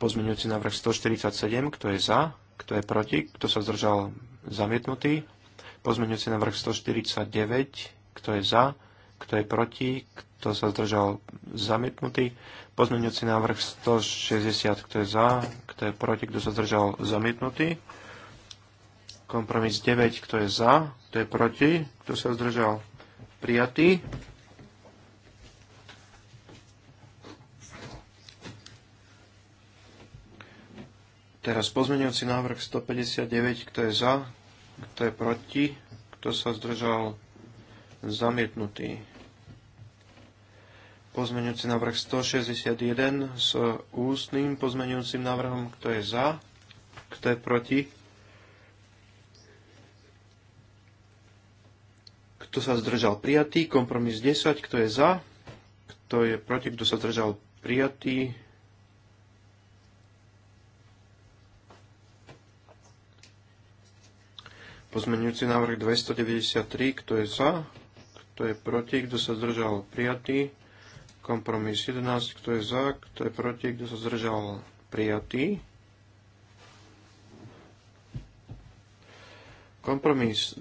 Pozmeňujúci návrh 147, kto je za, kto je proti, kto sa zdržal zamietnutý. Pozmeňujúci návrh 149, kto je za, kto je proti, kto sa zdržal zamietnutý. Pozmeňujúci návrh 160, kto je za, kto je proti, kto sa zdržal zamietnutý. Kompromis 9, kto je za, kto je proti, kto sa zdržal prijatý. Teraz pozmeňujúci návrh 159, kto je za, kto je proti, kto sa zdržal zamietnutý. Pozmeňujúci návrh 161 s ústnym pozmeňujúcim návrhom, kto je za, kto je proti, kto sa zdržal prijatý, kompromis 10, kto je za, kto je proti, kto sa zdržal prijatý, Pozmeňujúci návrh 293, kto je za, kto je proti, kto sa zdržal, prijatý. Kompromis 11, kto je za, kto je proti, kto sa zdržal, prijatý. Kompromis 12,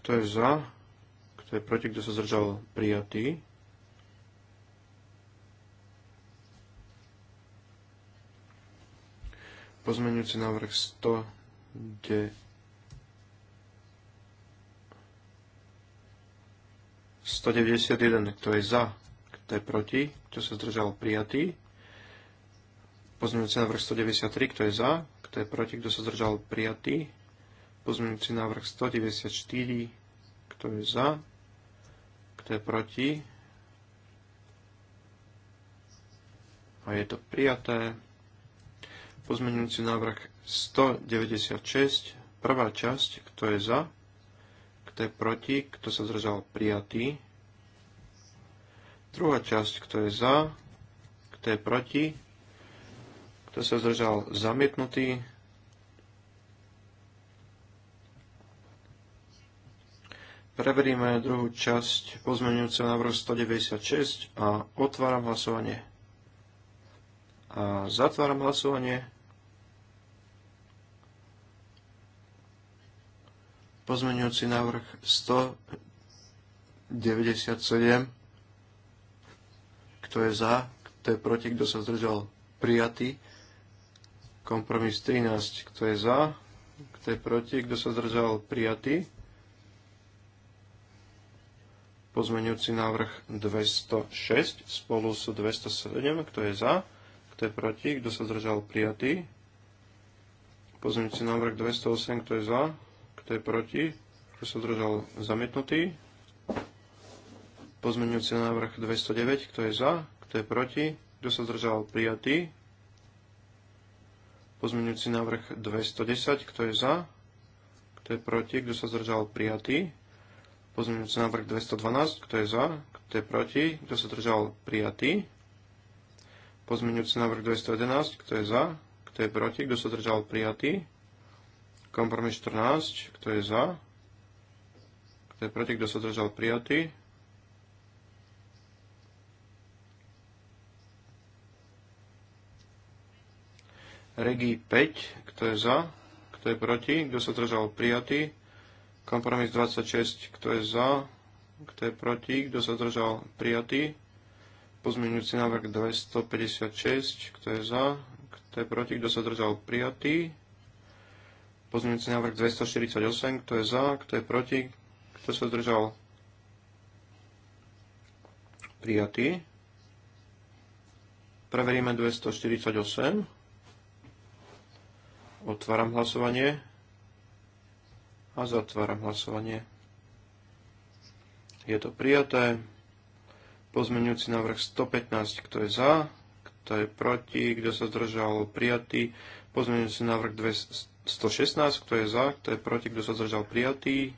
kto je za, kto je proti, kto sa zdržal, prijatý. Pozmeňujúci návrh 100. 191, kto je za, kto je proti, kto sa zdržal prijatý. Pozmeňujúci návrh 193, kto je za, kto je proti, kto sa zdržal prijatý. Pozmeňujúci návrh 194, kto je za, kto je proti. A je to prijaté. Pozmeňujúci návrh 196, prvá časť, kto je za, kto je proti? Kto sa zdržal? Prijatý. Druhá časť. Kto je za? Kto je proti? Kto sa zdržal? Zamietnutý. Preveríme druhú časť pozmeňujúceho návrhu 196 a otváram hlasovanie. A zatváram hlasovanie. Pozmeňujúci návrh 197. Kto je za? Kto je proti? Kto sa zdržal? Prijatý. Kompromis 13. Kto je za? Kto je proti? Kto sa zdržal? Prijatý. Pozmeňujúci návrh 206 spolu sú 207. Kto je za? Kto je proti? Kto sa zdržal? Prijatý. Pozmeňujúci návrh 208. Kto je za? Kto je proti? Kto sa zdržal? Zamietnutý. Pozmeňujúci návrh 209. Kto je za? Kto je proti? Kto sa zdržal? Prijatý. Pozmeňujúci návrh 210. Kto je za? Kto je proti? Kto sa zdržal? Prijatý. Pozmeňujúci návrh 212. Kto je za? Kto je proti? Kto sa zdržal? Prijatý. Pozmeňujúci návrh 211. Kto je za? Kto je proti? Kto sa zdržal? Prijatý. Kompromis 14, kto je za? Kto je proti, kto sa držal, prijatý? Regi 5, kto je za? Kto je proti, kto sa držal, prijatý? Kompromis 26, kto je za? Kto je proti, kto sa držal prijatý? Pozmeňujúci návrh 256, kto je za? Kto je proti, kto sa držal, prijatý? Pozmeňujúci návrh 248, kto je za, kto je proti, kto sa zdržal. Prijatý. Preveríme 248. Otváram hlasovanie a zatváram hlasovanie. Je to prijaté. Pozmeňujúci návrh 115, kto je za, kto je proti, kto sa zdržal, prijatý. Pozmeňujúci návrh 116, kto je za, kto je proti, kto sa zdržal prijatý.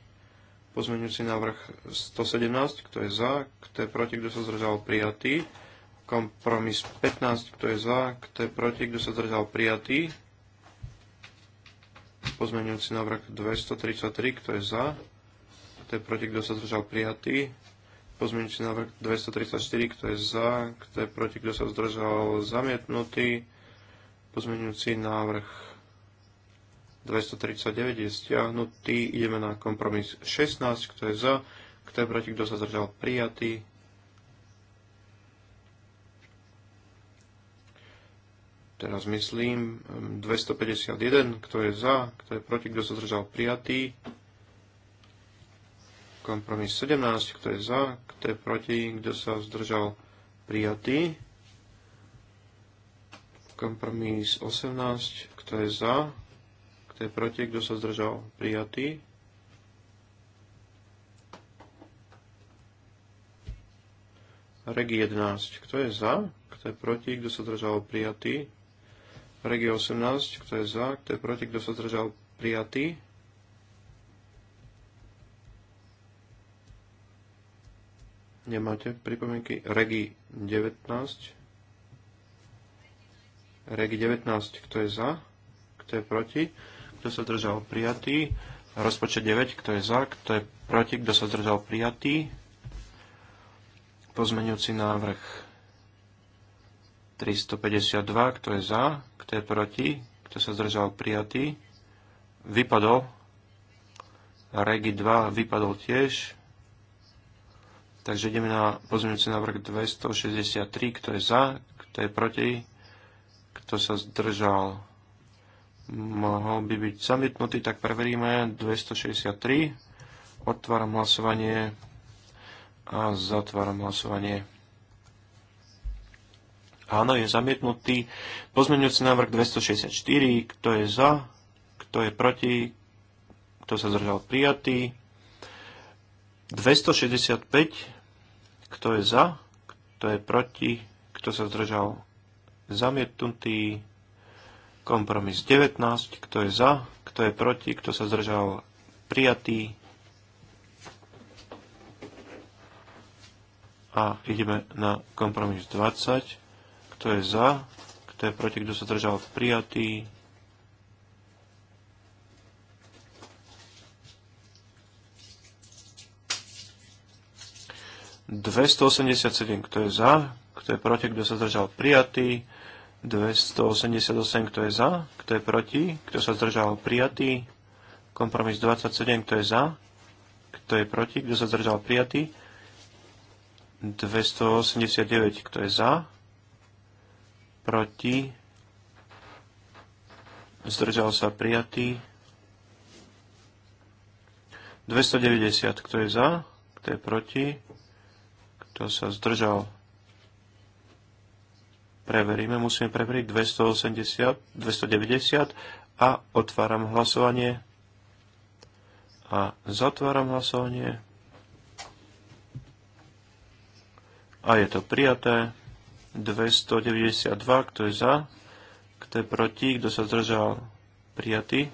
Pozmeňujúci návrh 117, kto je za, kto je proti, kto sa zdržal prijatý. Kompromis 15, kto je za, kto je proti, kto sa zdržal prijatý. Pozmeňujúci návrh 233, kto je za, kto je proti, kto sa zdržal prijatý. Pozmeňujúci návrh 234, kto je za, kto je proti, kto sa zdržal zamietnutý. Pozmeňujúci návrh 239 je stiahnutý. Ideme na kompromis 16, kto je za, kto je proti, kto sa zdržal prijatý. Teraz myslím 251, mm, kto je za, kto je proti, kto sa zdržal prijatý. Kompromis 17, kto je za, kto je proti, kto sa zdržal prijatý. Kompromis 18. Kto je za? Kto je proti? Kto sa zdržal? Prijatý. Regi 11. Kto je za? Kto je proti? Kto sa zdržal? Prijatý. Regi 18. Kto je za? Kto je proti? Kto sa zdržal? Prijatý. Nemáte pripomienky? Regi 19. Reg 19, kto je za, kto je proti, kto sa zdržal prijatý. Rozpočet 9, kto je za, kto je proti, kto sa zdržal prijatý. Pozmenujúci návrh 352, kto je za, kto je proti, kto sa zdržal prijatý. Vypadol. Regi 2 vypadol tiež. Takže ideme na pozmeňujúci návrh 263, kto je za, kto je proti, kto sa zdržal? Mohol by byť zamietnutý, tak preveríme. 263. Otváram hlasovanie a zatváram hlasovanie. Áno, je zamietnutý. Pozmeňujúci návrh 264. Kto je za? Kto je proti? Kto sa zdržal? Prijatý. 265. Kto je za? Kto je proti? Kto sa zdržal? zamietnutý. Kompromis 19, kto je za, kto je proti, kto sa zdržal, prijatý. A ideme na kompromis 20, kto je za, kto je proti, kto sa zdržal, prijatý. sedem, kto je za, kto je proti, kto sa zdržal, prijatý. 288, kto je za, kto je proti, kto sa zdržal prijatý. Kompromis 27, kto je za, kto je proti, kto sa zdržal prijatý. 289, kto je za, proti, zdržal sa prijatý. 290, kto je za, kto je proti, kto sa zdržal preveríme. Musíme preveriť 280, 290 a otváram hlasovanie a zatváram hlasovanie. A je to prijaté. 292, kto je za, kto je proti, kto sa zdržal, prijatý.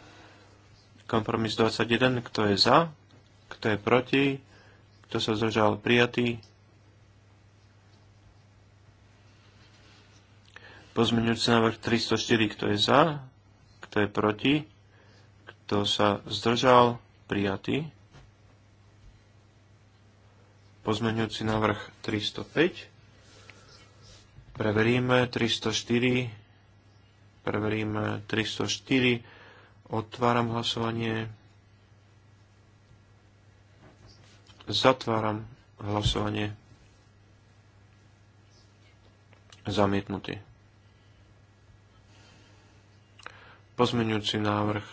Kompromis 21, kto je za, kto je proti, kto sa zdržal, prijatý. Pozmeňujúci návrh 304, kto je za, kto je proti, kto sa zdržal, prijatý. Pozmeňujúci návrh 305. Preveríme 304. Preveríme 304. Otváram hlasovanie. Zatváram hlasovanie. Zamietnutý. Pozmeňujúci návrh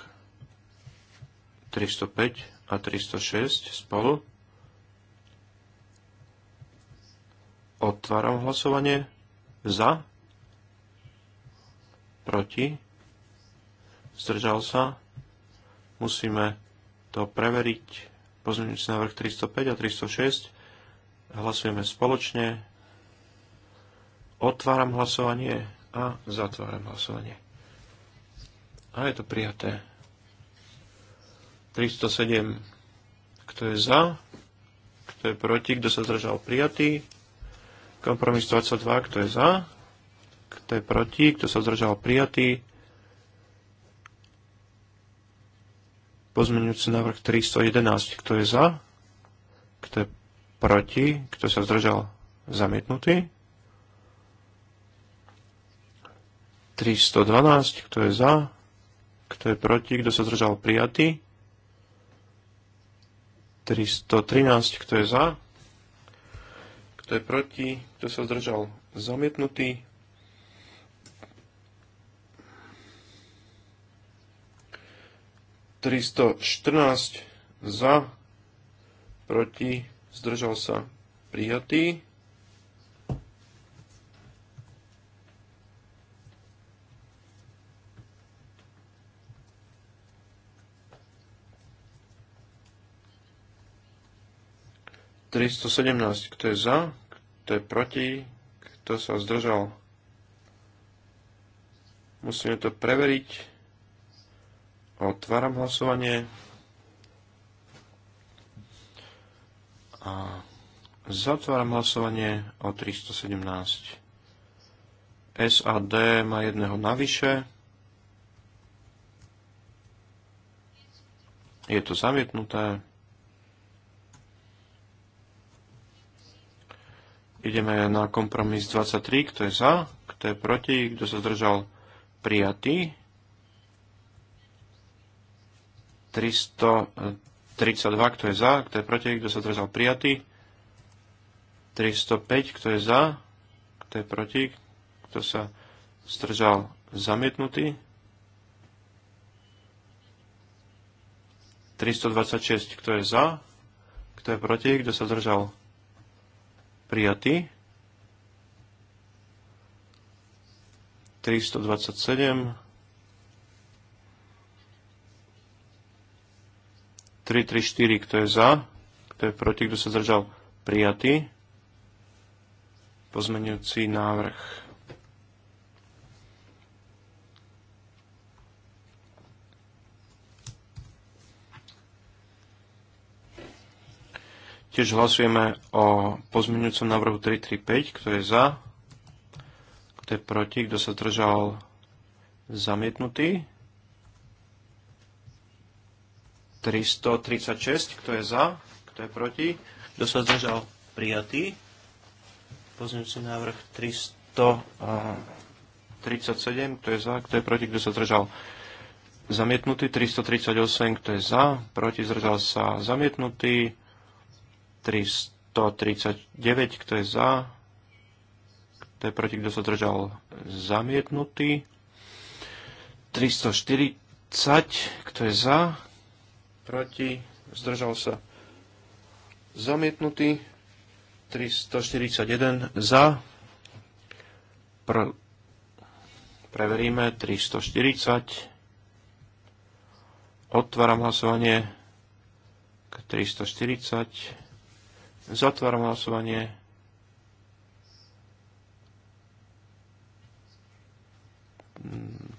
305 a 306 spolu. Otváram hlasovanie za, proti, zdržal sa. Musíme to preveriť. Pozmeňujúci návrh 305 a 306. Hlasujeme spoločne. Otváram hlasovanie a zatváram hlasovanie. A je to prijaté. 307. Kto je za? Kto je proti? Kto sa zdržal? Prijatý. Kompromis 22. Kto je za? Kto je proti? Kto sa zdržal? Prijatý. Pozmeňujúci návrh 311. Kto je za? Kto je proti? Kto sa zdržal? Zamietnutý. 312. Kto je za? Kto je proti? Kto sa zdržal? Prijatý. 313. Kto je za? Kto je proti? Kto sa zdržal? Zamietnutý. Tristo za, proti, zdržal sa, prijatý. 317. Kto je za? Kto je proti? Kto sa zdržal? Musíme to preveriť. Otváram hlasovanie. A zatváram hlasovanie o 317. SAD má jedného navyše. Je to zamietnuté. Ideme na kompromis 23, kto je za, kto je proti, kto sa zdržal prijatý. 332, kto je za, kto je proti, kto sa zdržal prijatý. 305, kto je za, kto je proti, kto sa zdržal zamietnutý. 326, kto je za, kto je proti, kto sa zdržal prijatý prijatý. 327 334, kto je za, kto je proti, kto sa zdržal, prijatý. Pozmenujúci návrh Tiež hlasujeme o pozmeňujúcom návrhu 335, kto je za, kto je proti, kto sa držal zamietnutý. 336, kto je za, kto je proti, kto sa zdržal prijatý. Pozmeňujúci návrh 337, kto je za, kto je proti, kto sa zdržal zamietnutý. 338, kto je za, proti, zdržal sa zamietnutý. 339, kto je za, kto je proti, kto sa držal zamietnutý. 340, kto je za, proti, zdržal sa zamietnutý. 341 za, Pr- preveríme 340. Otváram hlasovanie k 340. Zatváram hlasovanie.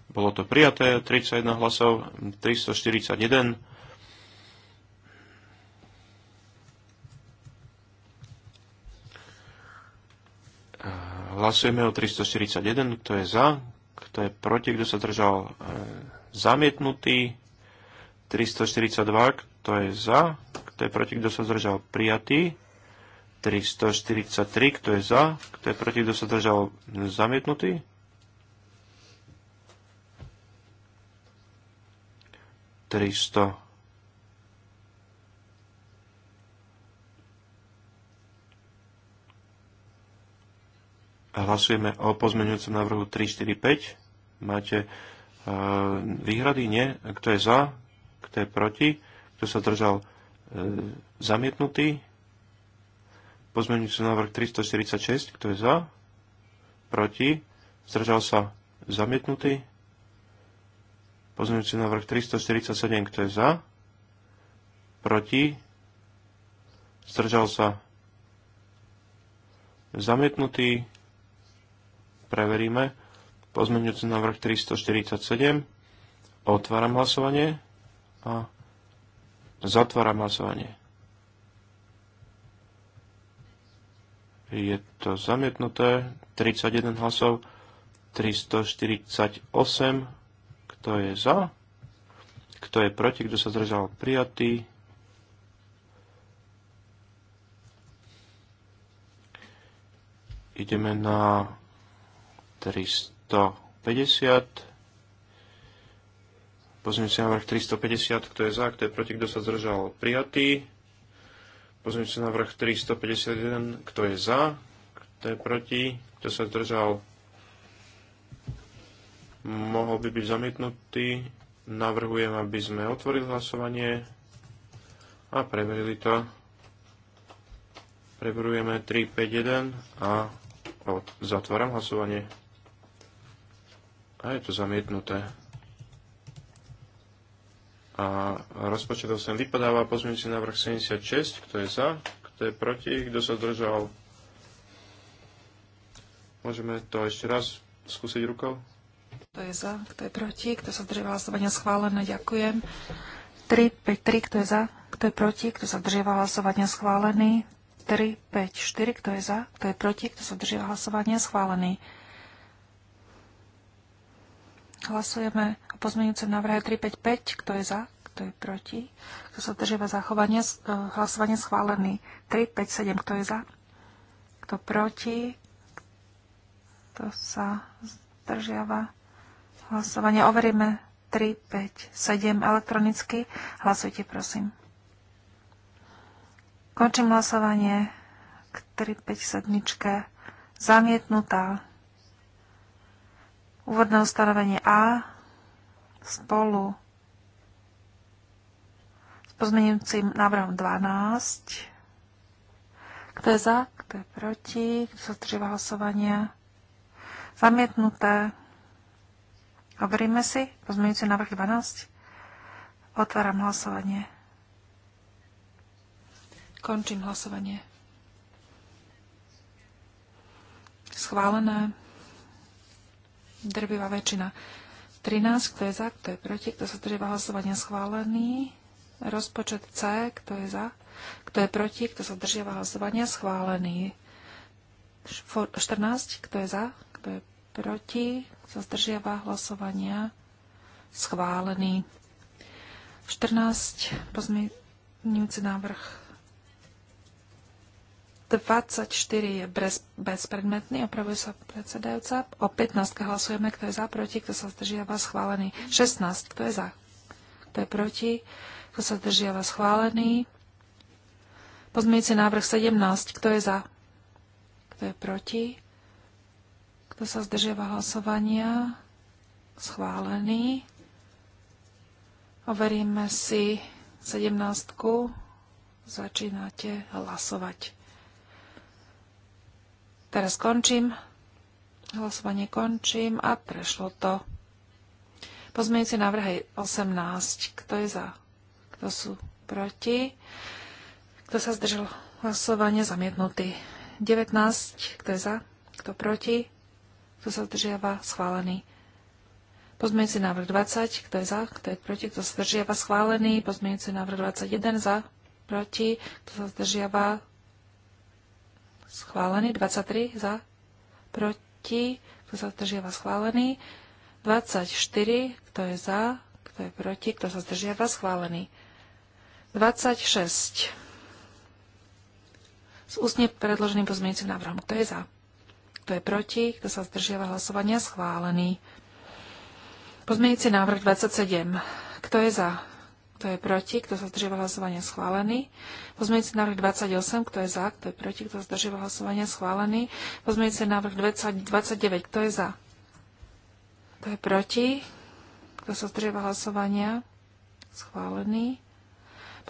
Bolo to prijaté, 31 hlasov, 341. Hlasujeme o 341, kto je za, kto je proti, kto sa držal e, zamietnutý. 342, kto je za, kto je proti, kto sa zdržal prijatý. 343, kto je za, kto je proti, kto sa držal zamietnutý. Tristo. Hlasujeme o pozmeňujúcom návrhu 345. Máte e, výhrady? Nie. Kto je za? Kto je proti? Kto sa držal e, zamietnutý? Pozmeňujúci návrh 346, kto je za? Proti? Zdržal sa? Zamietnutý? Pozmeňujúci návrh 347, kto je za? Proti? Zdržal sa? Zamietnutý? Preveríme. Pozmeňujúci návrh 347. Otváram hlasovanie a zatváram hlasovanie. je to zamietnuté, 31 hlasov, 348, kto je za, kto je proti, kto sa zdržal, prijatý. Ideme na 350. Pozrieme si návrh 350, kto je za, kto je proti, kto sa zdržal, prijatý na vrch 351. Kto je za? Kto je proti? Kto sa zdržal? Mohol by byť zamietnutý. Navrhujem, aby sme otvorili hlasovanie a preverili to. Preverujeme 351 a zatváram hlasovanie. A je to zamietnuté a rozpočet 8 vypadáva pozmeňujúci návrh 76, kto je za, kto je proti, kto sa zdržal. Môžeme to ešte raz skúsiť rukou. Kto je za, kto je proti, kto sa zdržal hlasovania schválené, ďakujem. 3, 5, 3, kto je za, kto je proti, kto sa zdržal hlasovania schválené. 3, 5, 4, kto je za, kto je proti, kto sa zdržal hlasovania schválené. Hlasujeme o pozmeňujúcom návrhe 355. Kto je za? Kto je proti? Kto sa držiava zachovanie? Hlasovanie schválený. 357. Kto je za? Kto proti? Kto sa zdržiava? Hlasovanie overíme 3, 5, 7 elektronicky. Hlasujte, prosím. Končím hlasovanie k 3, 5, 7. Zamietnutá úvodné ustanovenie A spolu s pozmeňujúcim návrhom 12. Kto je za, kto je proti, kto sa zdržíva hlasovania. Zamietnuté. Overíme si pozmeňujúci návrh 12. Otváram hlasovanie. Končím hlasovanie. Schválené drvivá väčšina. 13, kto je za, kto je proti, kto sa zdržíva hlasovania schválený. Rozpočet C, kto je za, kto je proti, kto sa zdržiava hlasovania schválený. 14, kto je za, kto je proti, kto sa zdržiava hlasovania schválený. 14, pozmeňujúci návrh 24 je bez, bezpredmetný, opravuje sa predsedajúca. O 15 hlasujeme, kto je za, proti, kto sa zdržiava, schválený. 16, kto je za, kto je proti, kto sa zdržiava, schválený. Pozmeňujúci návrh 17, kto je za, kto je proti, kto sa zdržiava hlasovania, schválený. Overíme si 17. Začínate hlasovať. Teraz končím. Hlasovanie končím a prešlo to. Pozmeňujúci návrh je 18. Kto je za? Kto sú proti? Kto sa zdržal hlasovanie? Zamietnutý. 19. Kto je za? Kto proti? Kto sa zdržiava? Schválený. Pozmeňujúci návrh 20. Kto je za? Kto je proti? Kto sa zdržiava? Schválený. Pozmeňujúci návrh 21. Za? Proti? Kto sa zdržiava? schválený. 23 za, proti, kto sa zdržiava, schválený. 24, kto je za, kto je proti, kto sa zdržiava, schválený. 26 s ústne predloženým pozmeňujúcim návrhom. Kto je za? Kto je proti? Kto sa zdržiava hlasovania? Schválený. Pozmeňujúci návrh 27. Kto je za? Kto je proti? Kto sa zdržíva hlasovania? Schválený. Pozmeňujúci návrh 28. Kto je za? Kto je proti? Kto sa zdržíva hlasovania? Schválený. Pozmeňujúci návrh 20, 29. Kto je za? Kto je proti? Kto sa zdržíva hlasovania? Schválený.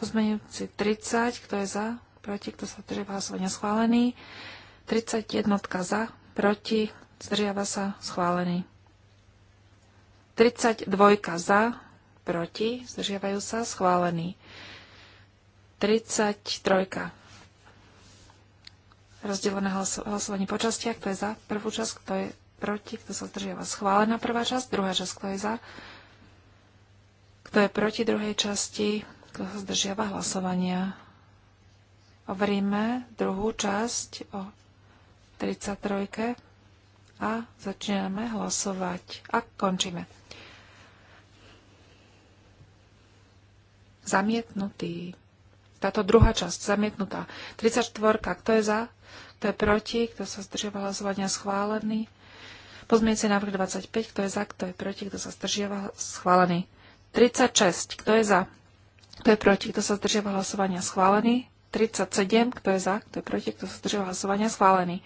Pozmeňujúci 30. Kto je za? Proti? Kto sa zdržíva hlasovania? Schválený. 31. Za? Proti? Zdržiava sa? Schválený. 32. Za? proti, zdržiavajú sa, schválený. 33. Rozdelené hlasovanie po častiach, kto je za prvú časť, kto je proti, kto sa zdržiava. Schválená prvá časť, druhá časť, kto je za, kto je proti druhej časti, kto sa zdržiava hlasovania. Overíme druhú časť o 33 a začíname hlasovať a končíme. Zamietnutý. Táto druhá časť, zamietnutá. 34. Kto je za? Kto je proti? Kto sa zdržiaval hlasovania? Schválený. Pozmienci návrh 25. Kto je za? Kto je proti? Kto sa zdržiaval Schválený. 36. Kto je za? Kto je proti? Kto sa zdržiaval hlasovania? Schválený. 37. Kto je za? Kto je proti? Kto sa zdržiaval hlasovania? Schválený.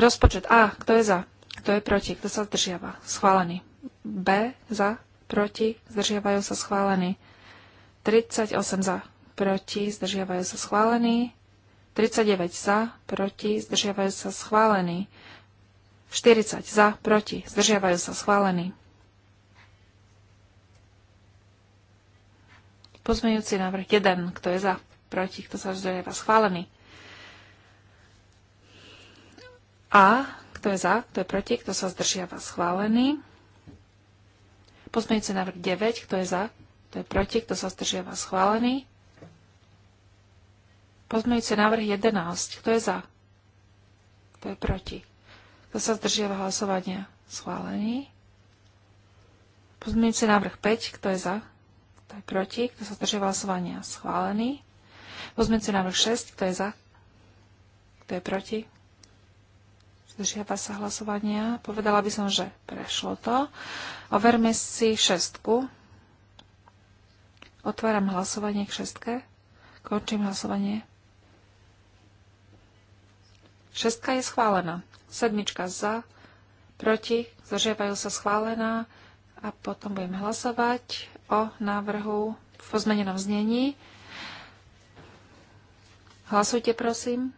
Rozpočet A. Kto je za? Kto je proti? Kto sa zdržiava? Schválený. B. Za. Proti. Zdržiavajú sa schválený. 38 za, proti, zdržiavajú sa schválení. 39 za, proti, zdržiavajú sa schválení. 40 za, proti, zdržiavajú sa schválení. Pozmejúci návrh 1, kto je za, proti, kto sa zdržiava schválený. A, kto je za, kto je proti, kto sa zdržiava schválený. Pozmejúci návrh 9, kto je za, kto je proti? Kto sa zdržiava? Schválený. Pozmeňujúci návrh 11. Kto je za? Kto je proti? Kto sa zdržiava hlasovania? Schválený. Pozmeňujúci návrh 5. Kto je za? Kto je proti? Kto sa zdržiava hlasovania? Schválený. Pozmeňujúci návrh 6. Kto je za? Kto je proti? Zdržiava sa hlasovania. Povedala by som, že prešlo to. Overme si šestku. Otváram hlasovanie k šestke. Končím hlasovanie. Šestka je schválená. Sedmička za, proti, zažívajú sa schválená. A potom budem hlasovať o návrhu v pozmenenom znení. Hlasujte, prosím.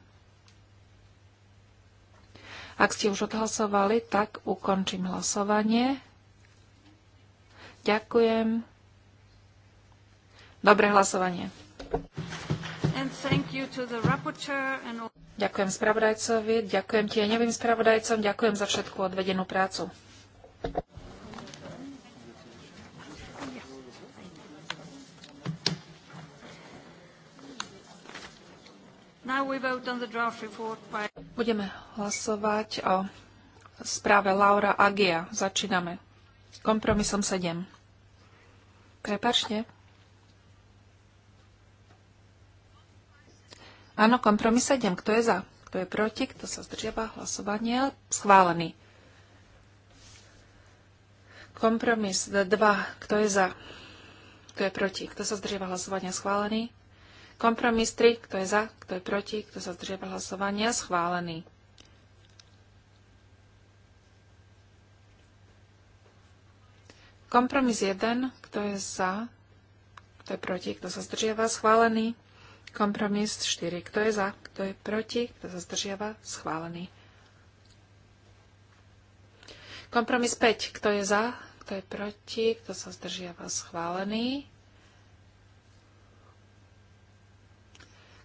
Ak ste už odhlasovali, tak ukončím hlasovanie. Ďakujem. Dobré hlasovanie. Ďakujem spravodajcovi, ďakujem tieňovým spravodajcom, ďakujem za všetku odvedenú prácu. Budeme hlasovať o správe Laura Agia. Začíname. Kompromisom 7. Prepačte. Áno, kompromis 7. Kto je za? Kto je proti? Kto sa zdržiava Hlasovanie. Schválený. Kompromis 2. Kto je za? Kto je proti? Kto sa zdržiava Hlasovanie? Schválený. Kompromis 3. Kto je za? Kto je proti? Kto sa zdržiava Hlasovanie. Schválený. Kompromis 1. Kto je za? Kto je proti? Kto sa zdržiava? Schválený. Kompromis 4. Kto je za? Kto je proti? Kto sa zdržiava? Schválený. Kompromis 5. Kto je za? Kto je proti? Kto sa zdržiava? Schválený.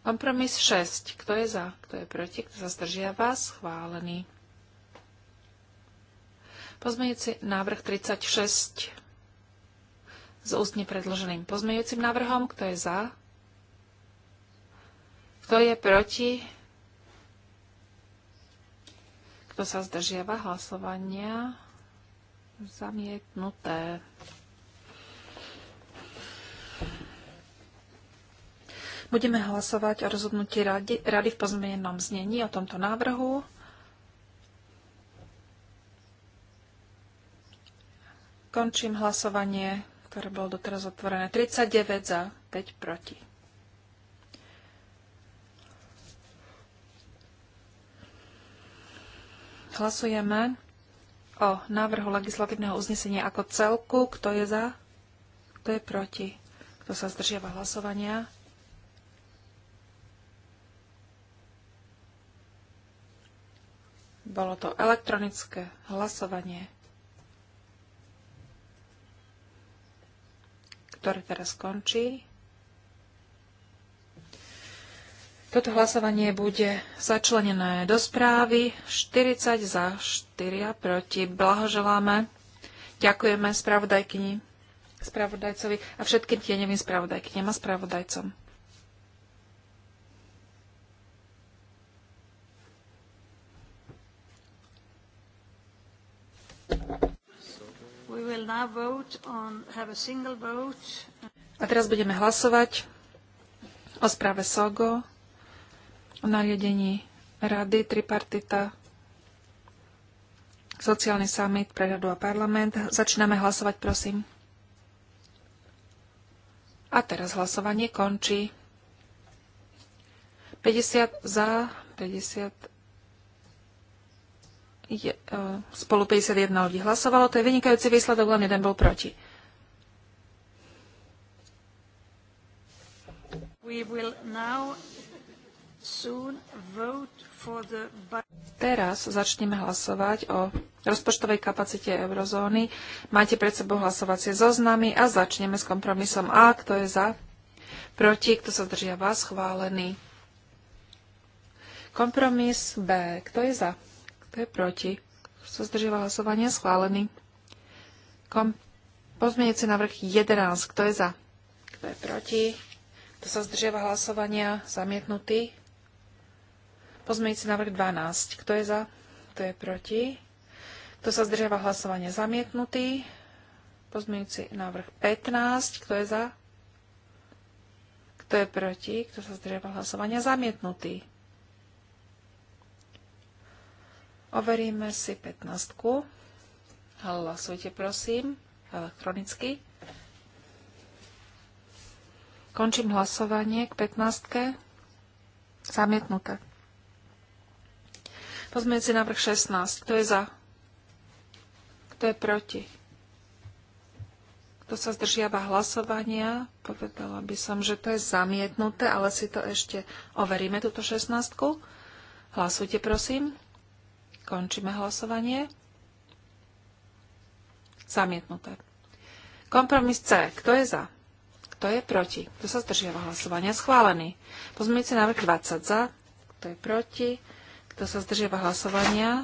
Kompromis 6. Kto je za? Kto je proti? Kto sa zdržiava? Schválený. Pozmejúci návrh 36 s ústne predloženým pozmejúcim návrhom. Kto je za? Kto je proti? Kto sa zdržiava hlasovania? Zamietnuté. Budeme hlasovať o rozhodnutí rady, rady v pozmenenom znení o tomto návrhu. Končím hlasovanie, ktoré bolo doteraz otvorené. 39 za, 5 proti. hlasujeme o návrhu legislatívneho uznesenia ako celku. Kto je za? Kto je proti? Kto sa zdržiava hlasovania? Bolo to elektronické hlasovanie, ktoré teraz končí. Toto hlasovanie bude začlenené do správy 40 za 4 proti. Blahoželáme. Ďakujeme spravodajkyni, spravodajcovi a všetkým tieňovým spravodajkyniam a spravodajcom. a A teraz budeme hlasovať o správe SOGO nariadení Rady tripartita sociálny summit pre radu a parlament. Začíname hlasovať, prosím. A teraz hlasovanie končí. 50 za, 50 je, e, spolu 51 ľudí hlasovalo. To je vynikajúci výsledok, len jeden bol proti. We will now Teraz začneme hlasovať o rozpočtovej kapacite eurozóny. Máte pred sebou hlasovacie zoznamy a začneme s kompromisom A. Kto je za? Proti? Kto sa vás, Schválený. Kompromis B. Kto je za? Kto je proti? Kto sa hlasovanie? hlasovania? Schválený. Kom- Pozmienujúci návrh 11. Kto je za? Kto je proti? Kto sa zdržiava hlasovania? Zamietnutý. Pozmeňujúci návrh 12. Kto je za? Kto je proti? Kto sa zdržiava hlasovanie Zamietnutý. Pozmeňujúci návrh 15. Kto je za? Kto je proti? Kto sa zdržiava hlasovania? Zamietnutý. Overíme si 15. Hlasujte prosím elektronicky. Končím hlasovanie k 15. Zamietnuté. Pozmeňujúci návrh 16. Kto je za? Kto je proti? Kto sa zdržiava hlasovania? Povedala by som, že to je zamietnuté, ale si to ešte overíme, túto 16. Hlasujte, prosím. Končíme hlasovanie. Zamietnuté. Kompromis C. Kto je za? Kto je proti? Kto sa zdržiava hlasovania? Schválený. Pozmeňujúci návrh 20 za. Kto je proti? Kto sa zdržiava hlasovania?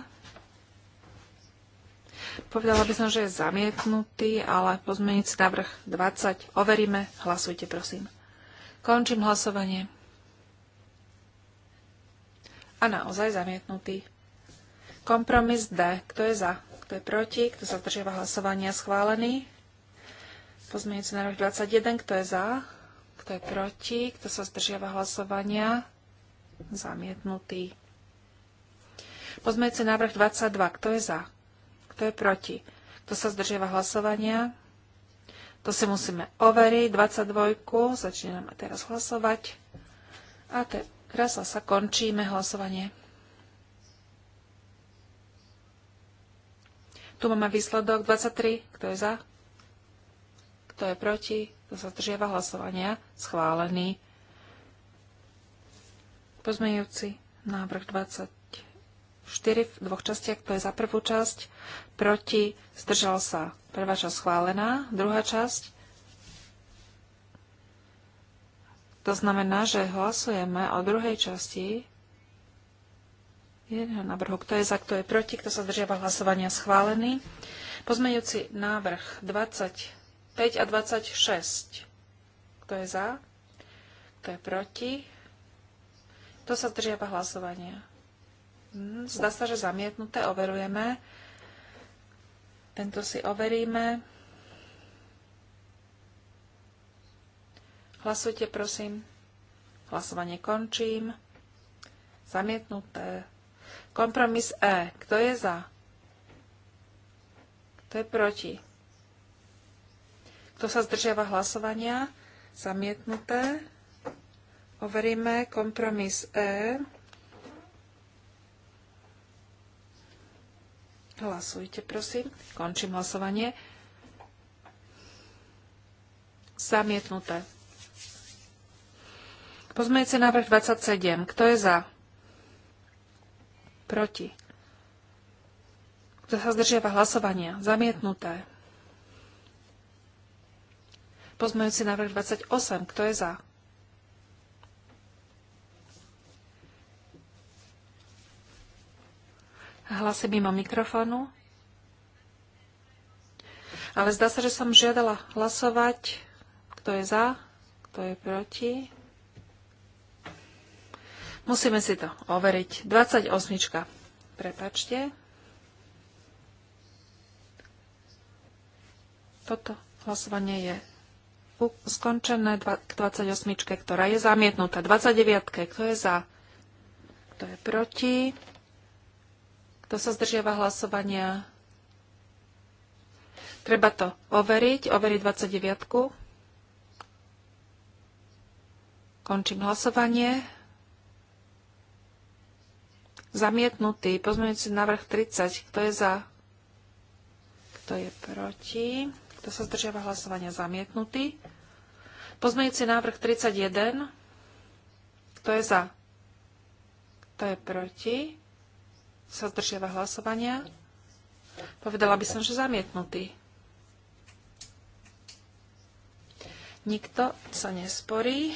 Povedala by som, že je zamietnutý, ale pozmeniť návrh 20. Overíme. Hlasujte, prosím. Končím hlasovanie. A naozaj zamietnutý. Kompromis D. Kto je za? Kto je proti? Kto sa zdržiava hlasovania? Schválený. Pozmeniť si návrh 21. Kto je za? Kto je proti? Kto sa zdržiava hlasovania? Zamietnutý. Pozmejte návrh 22. Kto je za? Kto je proti? Kto sa zdržiava hlasovania? To si musíme overiť. 22. Začíname teraz hlasovať. A teraz sa končíme hlasovanie. Tu máme výsledok 23. Kto je za? Kto je proti? Kto sa zdržiava hlasovania? Schválený. Pozmejúci návrh 20. 4 v dvoch častiach. To je za prvú časť. Proti. Zdržal sa. Prvá časť schválená. Druhá časť. To znamená, že hlasujeme o druhej časti jedného návrhu. Kto je za, kto je proti, kto sa zdržiava hlasovania schválený. Pozmeňujúci návrh 25 a 26. Kto je za? Kto je proti? Kto sa zdržiava hlasovania? Zdá sa, že zamietnuté. Overujeme. Tento si overíme. Hlasujte, prosím. Hlasovanie končím. Zamietnuté. Kompromis E. Kto je za? Kto je proti? Kto sa zdržiava hlasovania? Zamietnuté. Overíme kompromis E. Hlasujte, prosím. Končím hlasovanie. Zamietnuté. Pozmejte návrh 27. Kto je za? Proti. Kto sa zdržiava hlasovania? Zamietnuté. Pozmejúci návrh 28. Kto je za? hlasy mimo mikrofónu. Ale zdá sa, že som žiadala hlasovať, kto je za, kto je proti. Musíme si to overiť. 28. Prepačte. Toto hlasovanie je skončené k 28, ktorá je zamietnutá. 29, kto je za, kto je proti. Kto sa zdržiava hlasovania? Treba to overiť. Overiť 29. Končím hlasovanie. Zamietnutý pozmeňujúci návrh 30. Kto je za? Kto je proti? Kto sa zdržiava hlasovania? Zamietnutý. Pozmeňujúci návrh 31. Kto je za? Kto je proti? sa zdržiava hlasovania. Povedala by som, že zamietnutý. Nikto sa nesporí.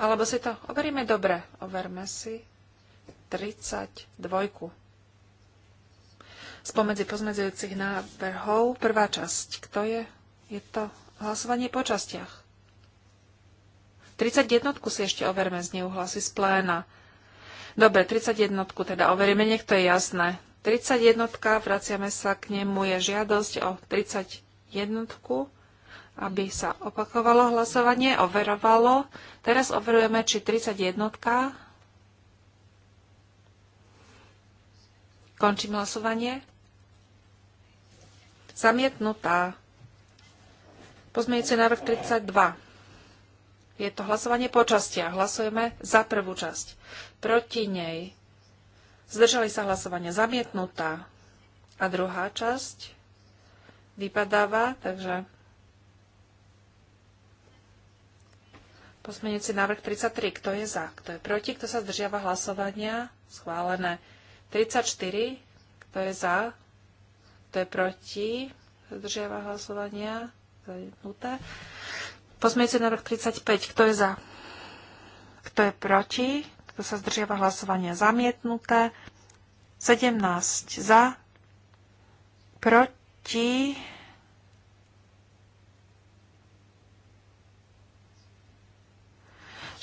Alebo si to overíme dobre. Overme si 32. Spomedzi pozmedzujúcich návrhov prvá časť. Kto je? Je to hlasovanie po častiach. 31 si ešte overme z neuhlasy z pléna. Dobre, 31 teda overíme, nech to je jasné. 31, vraciame sa k nemu, je žiadosť o 31, aby sa opakovalo hlasovanie, overovalo. Teraz overujeme, či 31. Končím hlasovanie. Zamietnutá. Pozmejte návrh 32. Je to hlasovanie po častiach. Hlasujeme za prvú časť. Proti nej. Zdržali sa hlasovania. Zamietnutá. A druhá časť vypadáva, takže Pozmeňujúci návrh 33. Kto je za? Kto je proti? Kto sa zdržiava hlasovania? Schválené. 34. Kto je za? Kto je proti? Zdržiava hlasovania? Zamietnuté. Pozmejte návrh 35. Kto je za? Kto je proti? Kto sa zdržiava hlasovania? Zamietnuté. 17 za. Proti.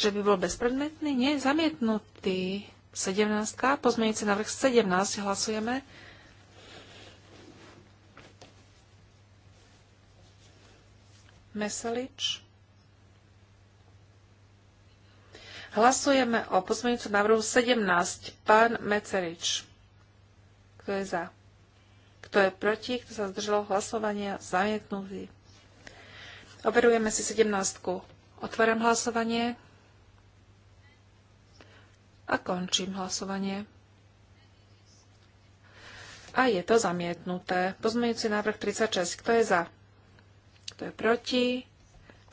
Že by bol bezpredmetný? Nie, zamietnutý. 17. Pozmejte návrh 17. Hlasujeme. Meselič. Hlasujeme o pozmeňujúcom návrhu 17. Pán Mecerič. Kto je za? Kto je proti? Kto sa zdržal hlasovania? Zamietnutý. Overujeme si 17. Otváram hlasovanie. A končím hlasovanie. A je to zamietnuté. Pozmeňujúci návrh 36. Kto je za? Kto je proti?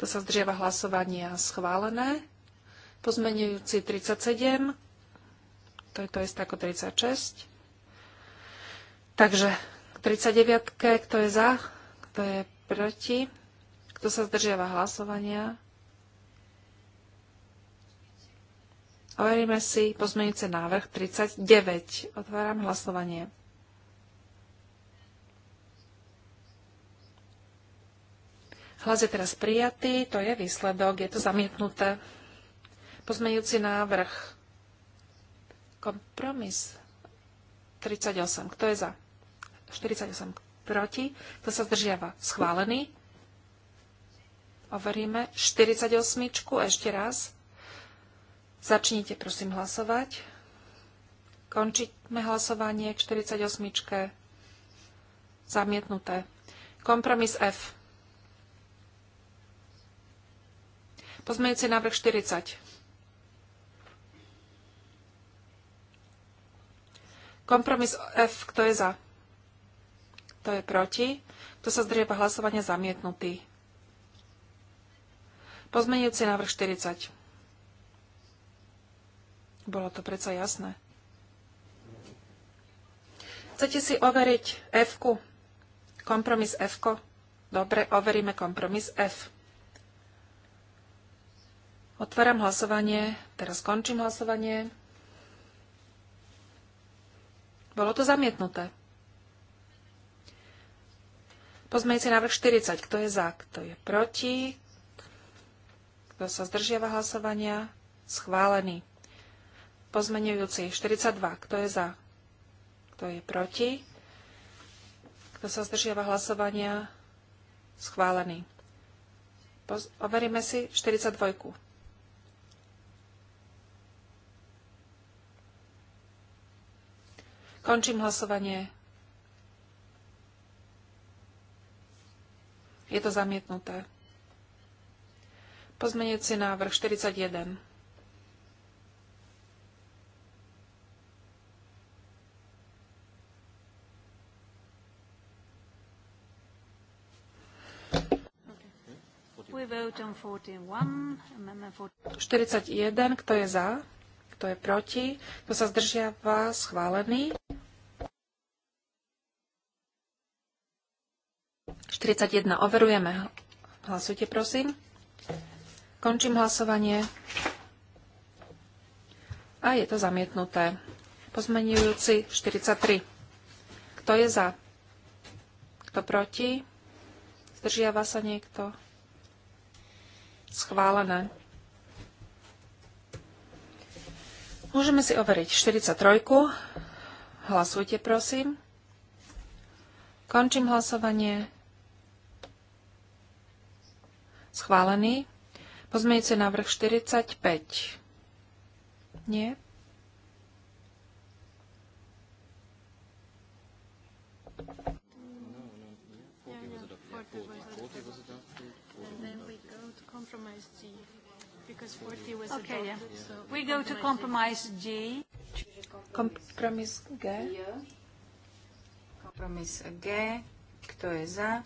Kto sa zdržiava hlasovania? Schválené. Pozmenujúci 37, to je to isté ako 36. Takže k 39, kto je za, kto je proti, kto sa zdržiava hlasovania. Overíme si pozmeňujúce návrh 39. Otváram hlasovanie. Hlas je teraz prijatý, to je výsledok, je to zamietnuté. Pozmeňujúci návrh. Kompromis. 38. Kto je za? 48. Proti. Kto sa zdržiava? Schválený. Overíme. 48. Ešte raz. Začnite prosím hlasovať. Končíme hlasovanie k 48. Zamietnuté. Kompromis F. Pozmejúci návrh 40. Kompromis F, kto je za? Kto je proti? Kto sa zdrieba hlasovania zamietnutý? Pozmenujúci návrh 40. Bolo to predsa jasné. Chcete si overiť f -ku? Kompromis f -ko? Dobre, overíme kompromis F. Otváram hlasovanie. Teraz končím hlasovanie. Bolo to zamietnuté. Pozmejte návrh 40. Kto je za? Kto je proti? Kto sa zdržiava hlasovania? Schválený. Pozmenujúci 42. Kto je za? Kto je proti? Kto sa zdržiava hlasovania? Schválený. Poz- overíme si 42. Končím hlasovanie. Je to zamietnuté. Pozmeniaci návrh 41. We vote on 41, 41. 41, kto je za? Kto je proti? Kto sa zdržiava? Schválený. 41. Overujeme. Hlasujte, prosím. Končím hlasovanie. A je to zamietnuté. Pozmenujúci 43. Kto je za? Kto proti? Zdržiava sa niekto? Schválené. Môžeme si overiť 43. Hlasujte, prosím. Končím hlasovanie. Schválený. Pozmeňujúci návrh 45. Nie. compromise because 40 was okay, adopted. Yeah. So we go to compromise G. Kompromis G. Kompromis G. Kto je za?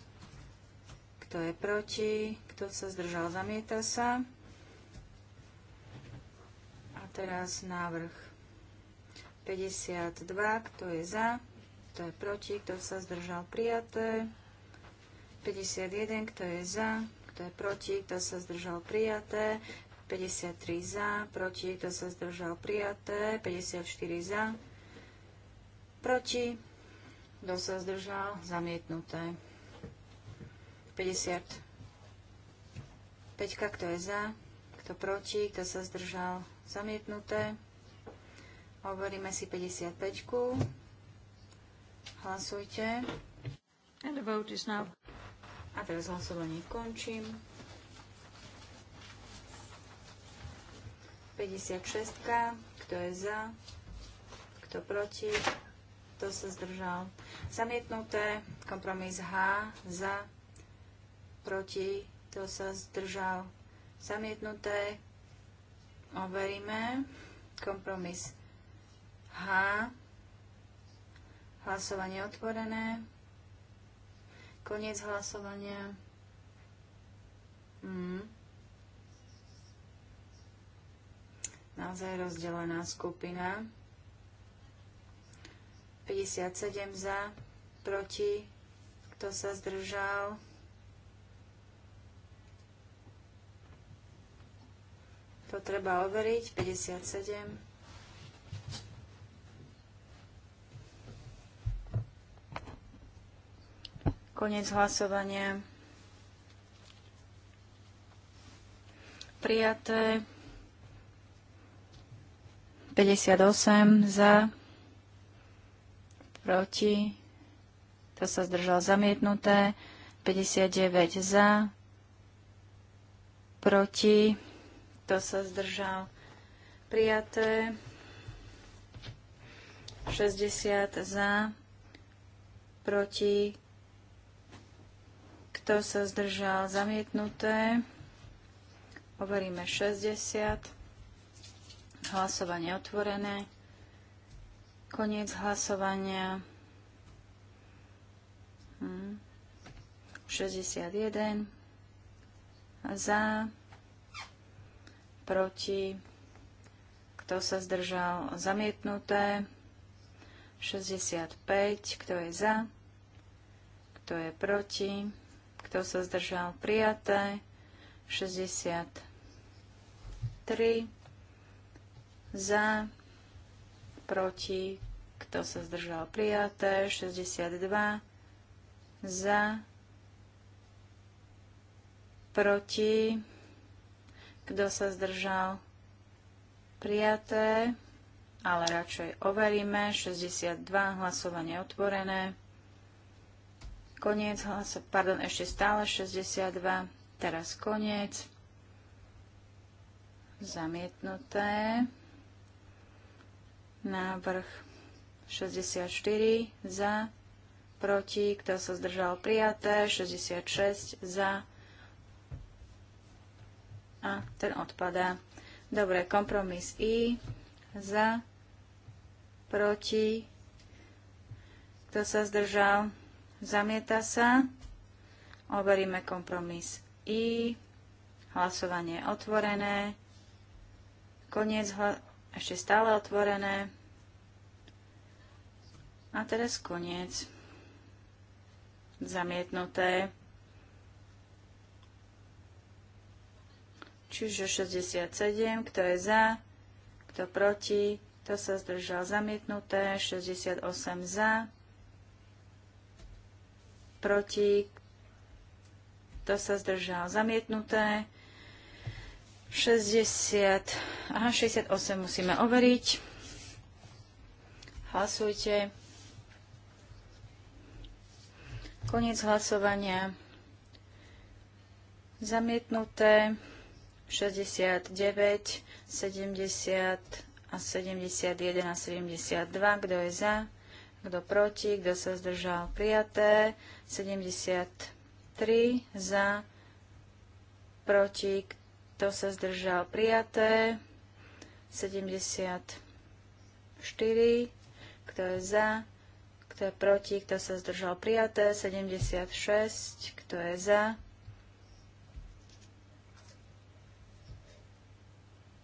Kto je proti? Kto sa zdržal? Zamieta sa. A teraz návrh 52. Kto je za? Kto je proti? Kto sa zdržal? Prijaté. 51. Kto je za? Kto je proti? Kto sa zdržal? Prijaté. 53 za, proti, kto sa zdržal prijaté, 54 za, proti, kto sa zdržal, zamietnuté. 50. kto je za, kto proti, kto sa zdržal, zamietnuté. hovoríme si 55. Hlasujte. And the vote is now. A teraz hlasovanie končím. 56. Kto je za? Kto proti? Kto sa zdržal? Zamietnuté. Kompromis H. Za. Proti. Kto sa zdržal? Zamietnuté. Overíme. Kompromis H. Hlasovanie otvorené. Koniec hlasovania. Mm. naozaj rozdelená skupina. 57 za, proti, kto sa zdržal. To treba overiť, 57. Konec hlasovania. Prijaté. 58 za, proti, to sa zdržal zamietnuté, 59 za, proti, to sa zdržal prijaté, 60 za, proti, kto sa zdržal zamietnuté, overíme 60. Hlasovanie otvorené. Koniec hlasovania. 61 hm. za, proti, kto sa zdržal, zamietnuté, 65, kto je za, kto je proti, kto sa zdržal, prijaté, 63 za, proti, kto sa zdržal prijaté, 62 za, proti, kto sa zdržal prijaté, ale radšej overíme, 62 hlasovanie otvorené, koniec hlasa, pardon, ešte stále 62, teraz koniec, zamietnuté. Návrh 64 za, proti, kto sa zdržal prijaté, 66 za a ten odpadá. Dobre, kompromis I za, proti, kto sa zdržal, zamieta sa. Overíme kompromis I. Hlasovanie je otvorené. Koniec hla- ešte stále otvorené. A teraz koniec. Zamietnuté. Čiže 67, kto je za, kto proti, kto sa zdržal zamietnuté, 68 za, proti, kto sa zdržal zamietnuté, 60, aha, 68 musíme overiť. Hlasujte. Koniec hlasovania. Zamietnuté 69, 70 a 71 a 72. Kto je za? Kto proti? Kto sa zdržal? Prijaté. 73 za, proti, kto sa zdržal? Prijaté. 74. Kto je za? Kto je proti? Kto sa zdržal? Prijaté. 76. Kto je za?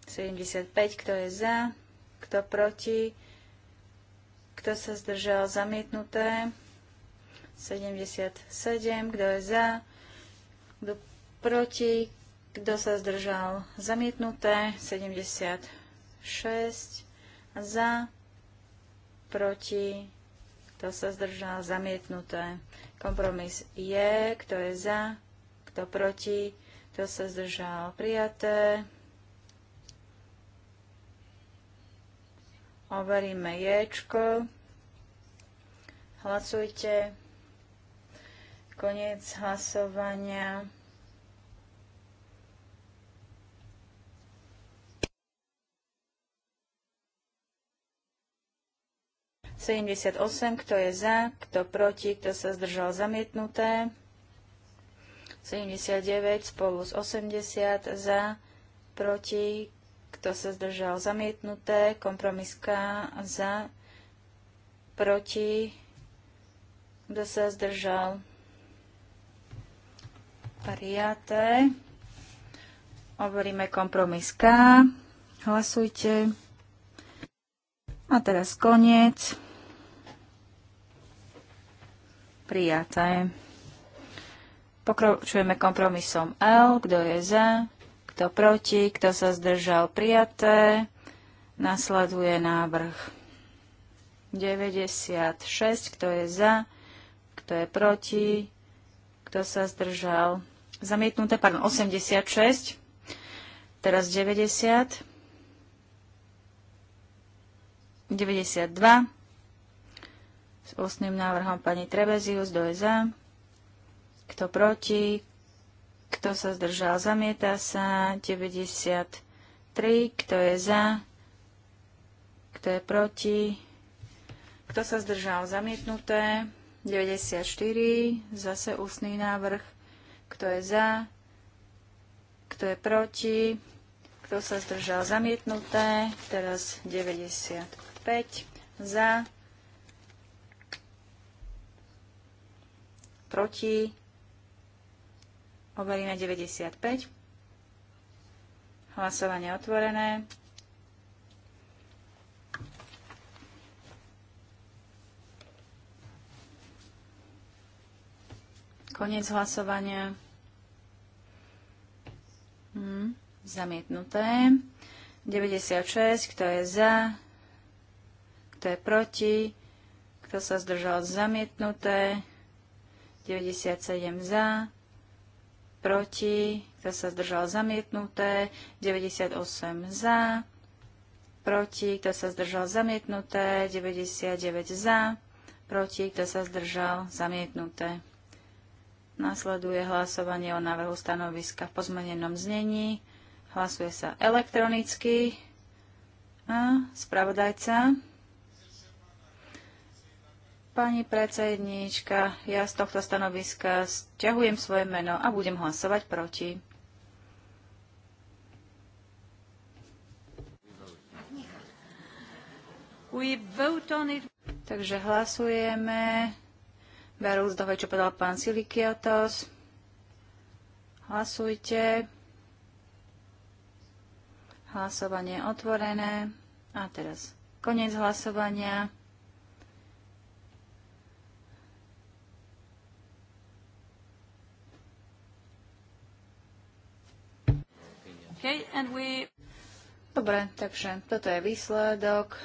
75. Kto je za? Kto proti? Kto sa zdržal? Zamietnuté. 77. Kto je za? Kto proti? Kto sa zdržal? Zamietnuté. 76 za, proti, kto sa zdržal? Zamietnuté. Kompromis je, kto je za, kto proti, kto sa zdržal? Prijaté. Overíme ječko. Hlasujte. Koniec hlasovania. 78, kto je za, kto proti, kto sa zdržal zamietnuté. 79 spolu s 80 za, proti, kto sa zdržal zamietnuté, kompromiska za, proti, kto sa zdržal prijaté. Hovoríme kompromis K. Hlasujte. A teraz koniec. Prijaté. Pokračujeme kompromisom L. Kto je za? Kto proti? Kto sa zdržal? Prijaté. Nasleduje návrh 96. Kto je za? Kto je proti? Kto sa zdržal? Zamietnuté, pardon, 86. Teraz 90. 92 s ústnym návrhom pani Trebezius. Kto je za? Kto proti? Kto sa zdržal? Zamieta sa. 93. Kto je za? Kto je proti? Kto sa zdržal? Zamietnuté. 94. Zase ústný návrh. Kto je za? Kto je proti? Kto sa zdržal? Zamietnuté. Teraz 95. Za proti, overíme 95. Hlasovanie otvorené. Konec hlasovania. Hm, zamietnuté. 96, kto je za, kto je proti, kto sa zdržal zamietnuté. 97 za, proti, kto sa zdržal zamietnuté, 98 za, proti, kto sa zdržal zamietnuté, 99 za, proti, kto sa zdržal zamietnuté. Nasleduje hlasovanie o návrhu stanoviska v pozmenenom znení. Hlasuje sa elektronicky. A spravodajca. Pani predsedníčka, ja z tohto stanoviska stiahujem svoje meno a budem hlasovať proti. Takže hlasujeme. Beru z toho, čo povedal pán Silikiotos. Hlasujte. Hlasovanie otvorené. A teraz koniec hlasovania. Okay, and we... Dobre, takže toto je výsledok.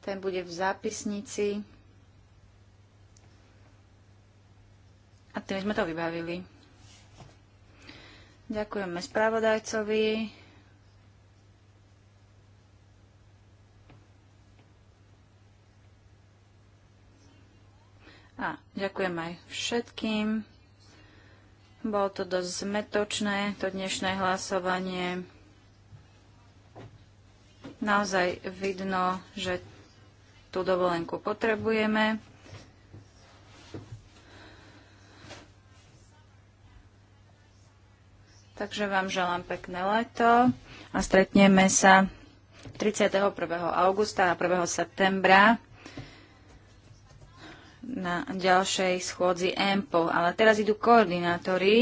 Ten bude v zápisnici. A tým sme to vybavili. Ďakujeme spravodajcovi. A ďakujem aj všetkým. Bolo to dosť zmetočné, to dnešné hlasovanie. Naozaj vidno, že tú dovolenku potrebujeme. Takže vám želám pekné leto a stretneme sa 31. augusta a 1. septembra na ďalšej schôdzi EMPO. Ale teraz idú koordinátori.